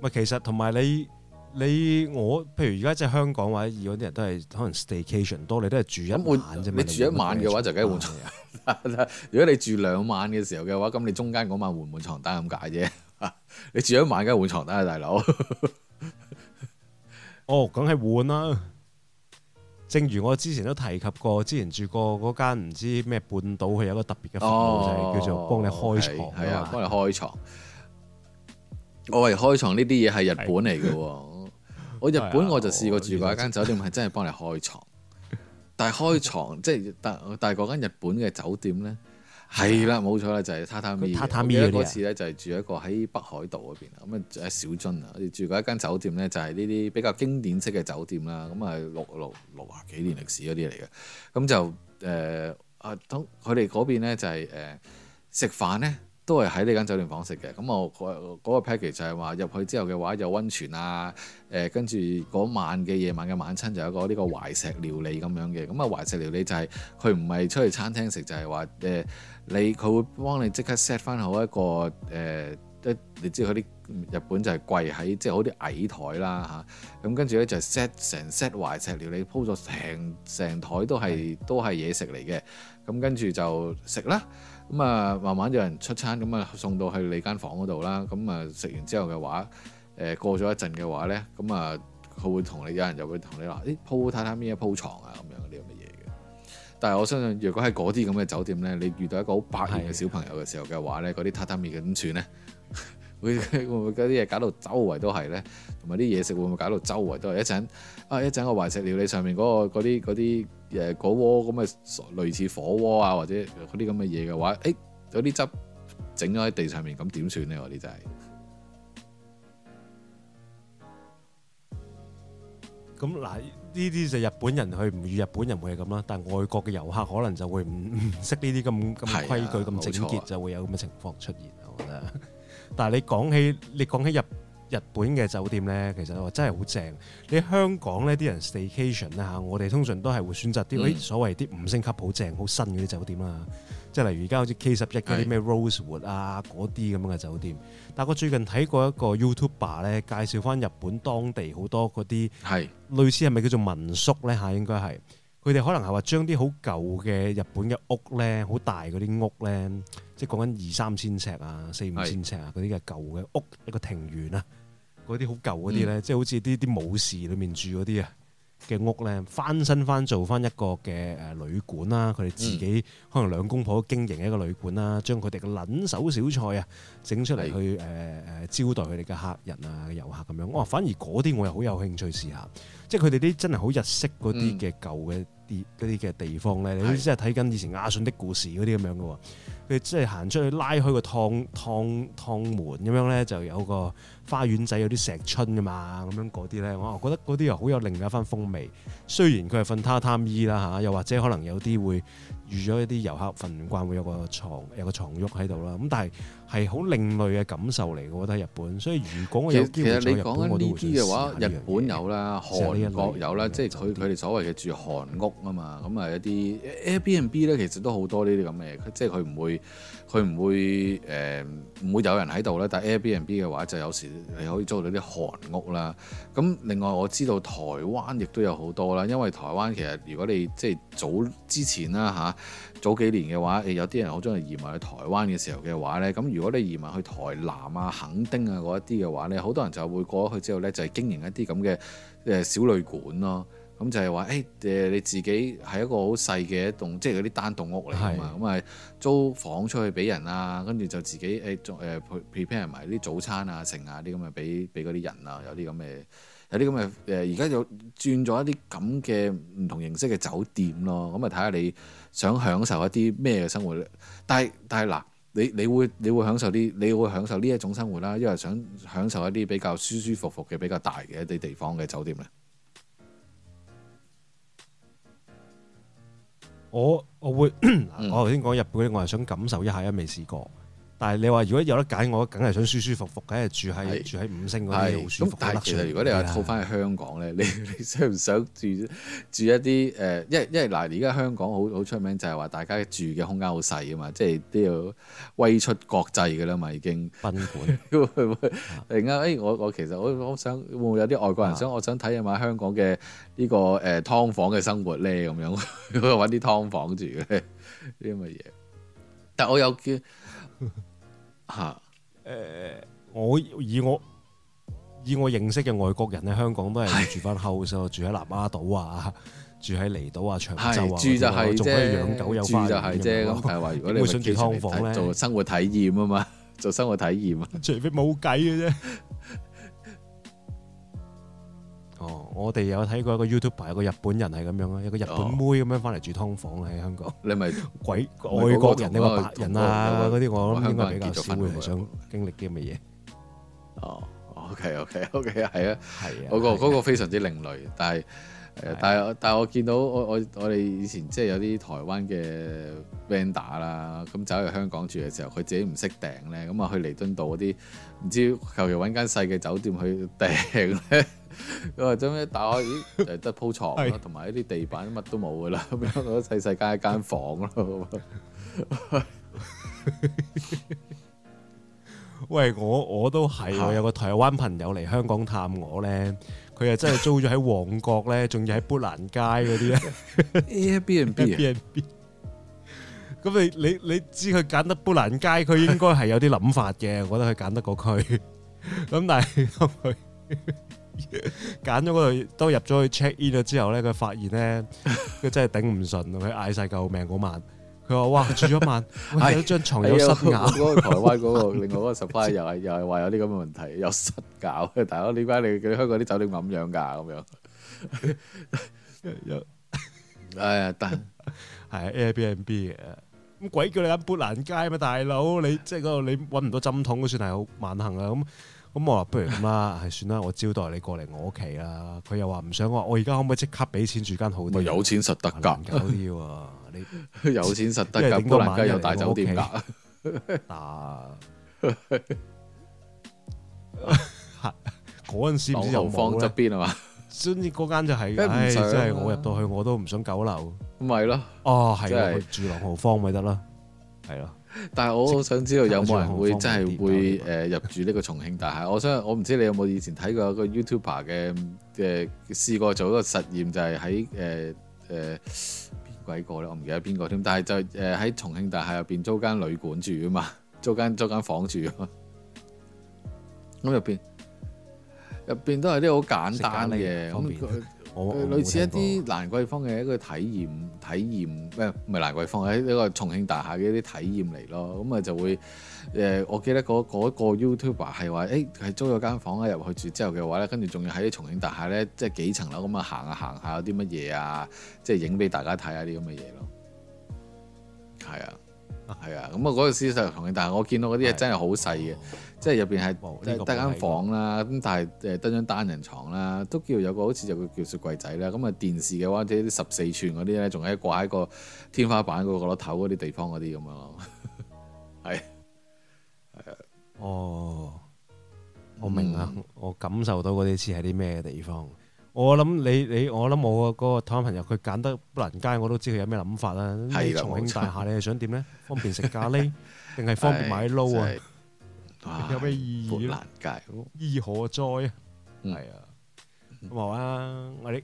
咪？其實同埋你。你我譬如而家即係香港或者而家啲人都係可能 staycation 多，你都係住一晚啫嘛。嗯、你住一晚嘅話就梗係換床單。 如果你住兩晚嘅時候嘅話，咁你中間嗰晚換唔換床單咁解啫。 你住一晚梗係換床單啦，大佬 。哦，梗係換啦。正如我之前都提及過，之前住過嗰間唔知咩半島，佢有一個特別嘅服務就係叫做幫你開牀，係啊，幫你開床。我話的、哦、開牀呢啲嘢係日本嚟嘅。 我日本我就試過住過一間酒店，係真係幫你開床。 但係開床， 即係但但係嗰間日本嘅酒店咧，係啦冇錯啦，就係、是、榻榻米。榻榻米嗰次咧就係住一個喺北海道嗰邊，咁啊小樽啊，我哋住過一間酒店咧，就係呢啲比較經典式嘅酒店啦。咁啊六六六十幾年歷史嗰啲嚟嘅，咁就誒啊，咁佢哋嗰邊咧就係誒食飯咧。都係喺呢間酒店房食嘅，咁我嗰、嗰個 package 就係話入去之後嘅話有溫泉啊，誒跟住嗰晚嘅夜晚嘅晚餐就有一個呢個懷石料理咁樣嘅，咁啊懷石料理就係佢唔係出去餐廳食，就係話誒你佢會幫你即刻 set 翻好一個誒，一、呃、你知佢啲日本就係跪喺即係好啲矮台啦嚇，咁跟住呢，就 set 成 set 懷石料理鋪咗成成台都係都係嘢食嚟嘅，咁跟住就食啦。咁啊，慢慢有人出餐，咁啊送到去你間房嗰度啦。咁啊食完之後嘅話，誒過咗一陣嘅話咧，咁啊佢會同你，有人就會同你話：誒鋪榻榻米啊，鋪床啊，咁樣啲咁嘅嘢嘅。但係我相信，如果喺嗰啲咁嘅酒店咧，你遇到一個好百厭嘅小朋友嘅時候嘅話咧，嗰啲榻榻米嘅點算咧？會會唔會嗰啲嘢搞到周圍都係咧？同埋啲嘢食會唔會搞到周圍都係一陣啊？一陣個懷石料理上面嗰個嗰啲嗰啲誒嗰鍋咁嘅類似火鍋啊，或者嗰啲咁嘅嘢嘅話，誒有啲汁整咗喺地上面，咁點算咧？嗰啲就係咁嗱，呢啲就日本人去唔與日本人會係咁啦，但係外國嘅遊客可能就會唔唔識呢啲咁咁規矩、咁整潔，就會有咁嘅情況出現。我覺得。但係你講起你講起日日本嘅酒店咧，其實我真係好正。你香港咧啲人 staycation 咧、啊、嚇，我哋通常都係會選擇啲、嗯、所謂啲五星級好正好新嗰啲酒店啦、啊。即係例如而家好似 K 十一嗰啲咩 Rosewood 啊嗰啲咁樣嘅酒店。但係我最近睇過一個 YouTuber 咧，介紹翻日本當地好多嗰啲係類似係咪叫做民宿咧嚇，應該係。佢哋可能係話將啲好舊嘅日本嘅屋咧，好大嗰啲屋咧，即係講緊二三千尺啊、四五千尺啊嗰啲嘅舊嘅屋，一個庭園啊，嗰啲、嗯、好舊嗰啲咧，即係好似啲啲武士裏面住嗰啲啊嘅屋咧，翻身翻做翻一個嘅誒旅館啦、啊，佢哋自己、嗯、可能兩公婆經營一個旅館啦、啊，將佢哋嘅撚手小菜啊整出嚟去誒誒是、呃、招待佢哋嘅客人啊、遊客咁樣。哇、哦，反而嗰啲我又好有興趣試下，即係佢哋啲真係好日式嗰啲嘅舊嘅。嗯嗯啲嗰啲嘅地方咧，是你好似即係睇緊以前阿信的故事嗰啲咁樣嘅喎，佢即係行出去拉開個趟趟趟門咁樣咧，就有個花園仔，有啲石春㗎嘛，咁樣嗰啲咧，我覺得嗰啲又好有另外一番風味。雖然佢係瞓榻榻米啦嚇，又或者可能有啲會預咗一啲遊客瞓唔慣，會有個床有個牀褥喺度啦，咁但係係好另類嘅感受嚟嘅，我覺得喺日本。所以如果我有機會去日本，其實其實你講緊呢啲嘅話，日本有啦，韓國有啦，即係佢佢哋所謂嘅住韓屋。啊嘛，咁啊、嗯、一啲 Airbnb 咧，其實都好多呢啲咁嘅嘢，即係佢唔會佢唔會誒唔、呃、會有人喺度啦。但 Airbnb 嘅話就有時你可以租到啲韓屋啦。咁另外我知道台灣亦都有好多啦，因為台灣其實如果你即係早之前啦吓、啊，早幾年嘅話，有啲人好中意移民去台灣嘅時候嘅話呢。咁如果你移民去台南啊、墾丁啊嗰一啲嘅話呢，好多人就會過咗去之後呢，就係、是、經營一啲咁嘅誒小旅館咯。咁就係話，誒、欸，誒你自己係一個好細嘅一棟，即係嗰啲單棟屋嚟㗎嘛，咁啊的租房出去俾人啊，跟住就自己誒、欸、做誒 prepare 埋啲早餐啊、剩啊啲咁啊，俾俾嗰啲人啊，有啲咁嘅，有啲咁嘅誒，而家有轉咗一啲咁嘅唔同形式嘅酒店咯，咁啊睇下你想享受一啲咩嘅生活咧？但係但係嗱，你你會你會享受啲，你會享受呢一，一種生活啦，因為想享受一啲比較舒舒服服嘅、比較大嘅一啲地方嘅酒店咧。我我會， 我頭先講日本，我係想感受一下，因為未試過。但係你話，如果有得揀，我梗係想舒舒服服，梗係住喺是住喺五星嗰啲好舒服嘅。咁但係，如果你話套翻去香港咧的，你你想唔想住住一啲誒？因為因為嗱，而家香港好好出名就係話，大家住嘅空間好細啊嘛，即係都要威出國際㗎啦嘛，已經賓館。 突然間，誒、欸、我我其實我我想會唔會有啲外國人想的我想睇下下香港嘅呢、這個誒劏房嘅生活咧？咁樣度揾啲劏房住嘅啲咁嘅嘢？ 但我有。見。 吓，誒、啊、我以我以我認識嘅外國人喺香港都係住返 house 囉，住喺南丫島啊，住喺離島啊，長洲啊，的的住就仲可以養狗，有住就係啫，係話我如果你想住劏房咧，做生活體驗啊嘛，做生活體驗，除非冇計嘅啫。哦，我哋有睇過一個 YouTuber，一個日本人係咁樣啊，一個日本妹咁樣翻嚟住劏房喺香港。你咪鬼外國人，你話白人啊嗰啲，我諗香港比較少會想經歷啲乜嘢。哦，OK OK OK，係啊，係啊，嗰個非常之另類，但係但係但係我見到我我我哋以前即係有啲台灣嘅 Vendor 啦，咁走入香港住嘅時候，佢自己唔識訂咧，咁啊去彌敦道嗰啲唔知求其揾間細嘅酒店去訂咧。我話真係打開，咦，得鋪床咯，同埋 一啲地板，乜都冇噶啦，咁樣嗰細細間一間房咯。 喂，我我都係， 我有個台灣朋友嚟香港探我咧，佢又真係租咗喺旺角咧，仲 要喺砵蘭街嗰啲咧。Airbnb，Airbnb 咁 你你你知佢揀得砵蘭街，佢應該係有啲諗法嘅， 我覺得佢揀得過佢。咁 但係是，哈 揀咗嗰度都入咗去 check in 咗之後咧，佢發現咧，佢真係頂唔順，佢嗌晒救命嗰晚，佢話哇住咗晚，嗌咗張床有濕咬，嗰個台灣嗰個另外嗰個 supply 又係又係話有啲咁嘅問題，有濕咬，大佬點解你嘅香港啲酒店咁樣噶咁樣？係啊，但係係 Airbnb 嘅，咁鬼叫你喺砵蘭街咩大佬？你即係嗰度你搵唔到針筒都算係好萬幸啊咁。咁、嗯、我話不如咁啦，係算啦，我招待你過嚟我屋企啦。佢又話唔想，我話我而家可唔可以即刻俾錢住間好啲？有錢實得㗎，難搞啲喎。你 有錢實得㗎，都難得有大酒店㗎。嗱，係嗰陣時唔知又豪坊側邊啊嘛，所以嗰間就係、是，唉、哎，真係我入到去我都唔想久留，唔係咯，哦係、啊，就是、住豪坊咪得啦，係咯。但係，我想知道有冇人會真係會誒入住呢 個重慶大廈。我想我唔知你有冇以前睇過一個 YouTuber 嘅，嘅試過做一個實驗，就係喺誒誒邊鬼個咧，我唔記得邊個添。但係就誒喺重慶大廈入邊租間旅館住啊嘛，租間租間房住啊嘛。咁入邊入邊都係啲好簡單嘅咁那 類似一啲蘭桂坊嘅一個體驗體驗，咩唔係蘭桂坊喺一個重慶大廈嘅一啲體驗嚟咯，咁、嗯、啊就會誒、呃，我記得嗰、嗰個 YouTuber 係話，誒、那、係、個欸、租咗間房咧入去住之後嘅話咧，跟住仲要喺重慶大廈咧，即係幾層樓咁啊行下行下有啲乜嘢啊，即係影俾大家睇下啲咁嘅嘢咯，係啊。係啊，咁啊嗰個思想同嘅，但係我見到嗰啲嘢，真係好細嘅，哦、即係入邊係得間房啦，咁但係誒得張單人床啦，都叫有個好似有個叫雪櫃仔啦，咁、嗯、啊電視嘅話即係啲十四寸嗰啲咧，仲喺掛喺個天花板嗰個粒頭嗰啲地方嗰啲咁樣咯，係係啊，哦，我明啦，嗯、我感受到嗰啲似係啲咩地方。我諗你你我諗我個嗰個台灣朋友佢揀得不難街，我都知佢有咩諗法啦。喺重慶大廈你係想點咧？方便食咖喱定係方便買撈啊？有咩意義咯？不難街，意何哉啊？係啊，咁啊嘛，我哋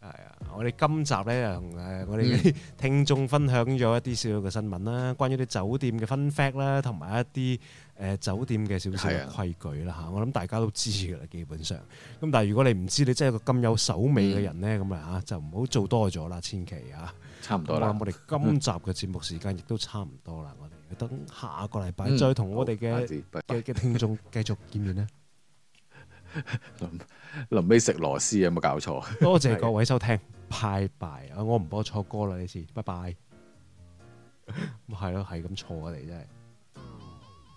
係啊，我哋今集咧誒，同我哋聽眾分享咗一啲少少嘅新聞啦，關於啲酒店嘅 fun fact 啦，同埋一啲。誒酒店嘅少少規矩啦嚇，我諗大家都知嘅啦，基本上。咁但係如果你唔知，你真係一個咁有手尾嘅人咧，咁啊嚇就唔好做多咗啦，千祈啊。差唔多啦。我哋今集嘅節目時間亦都差唔多啦，我哋等下個禮拜再同我哋嘅嘅嘅聽眾繼續見面咧。臨尾食螺絲有冇搞錯？多謝各位收聽，拜拜啊！我唔播錯歌啦，你先，拜拜。咁係咯，係咁錯我哋真係。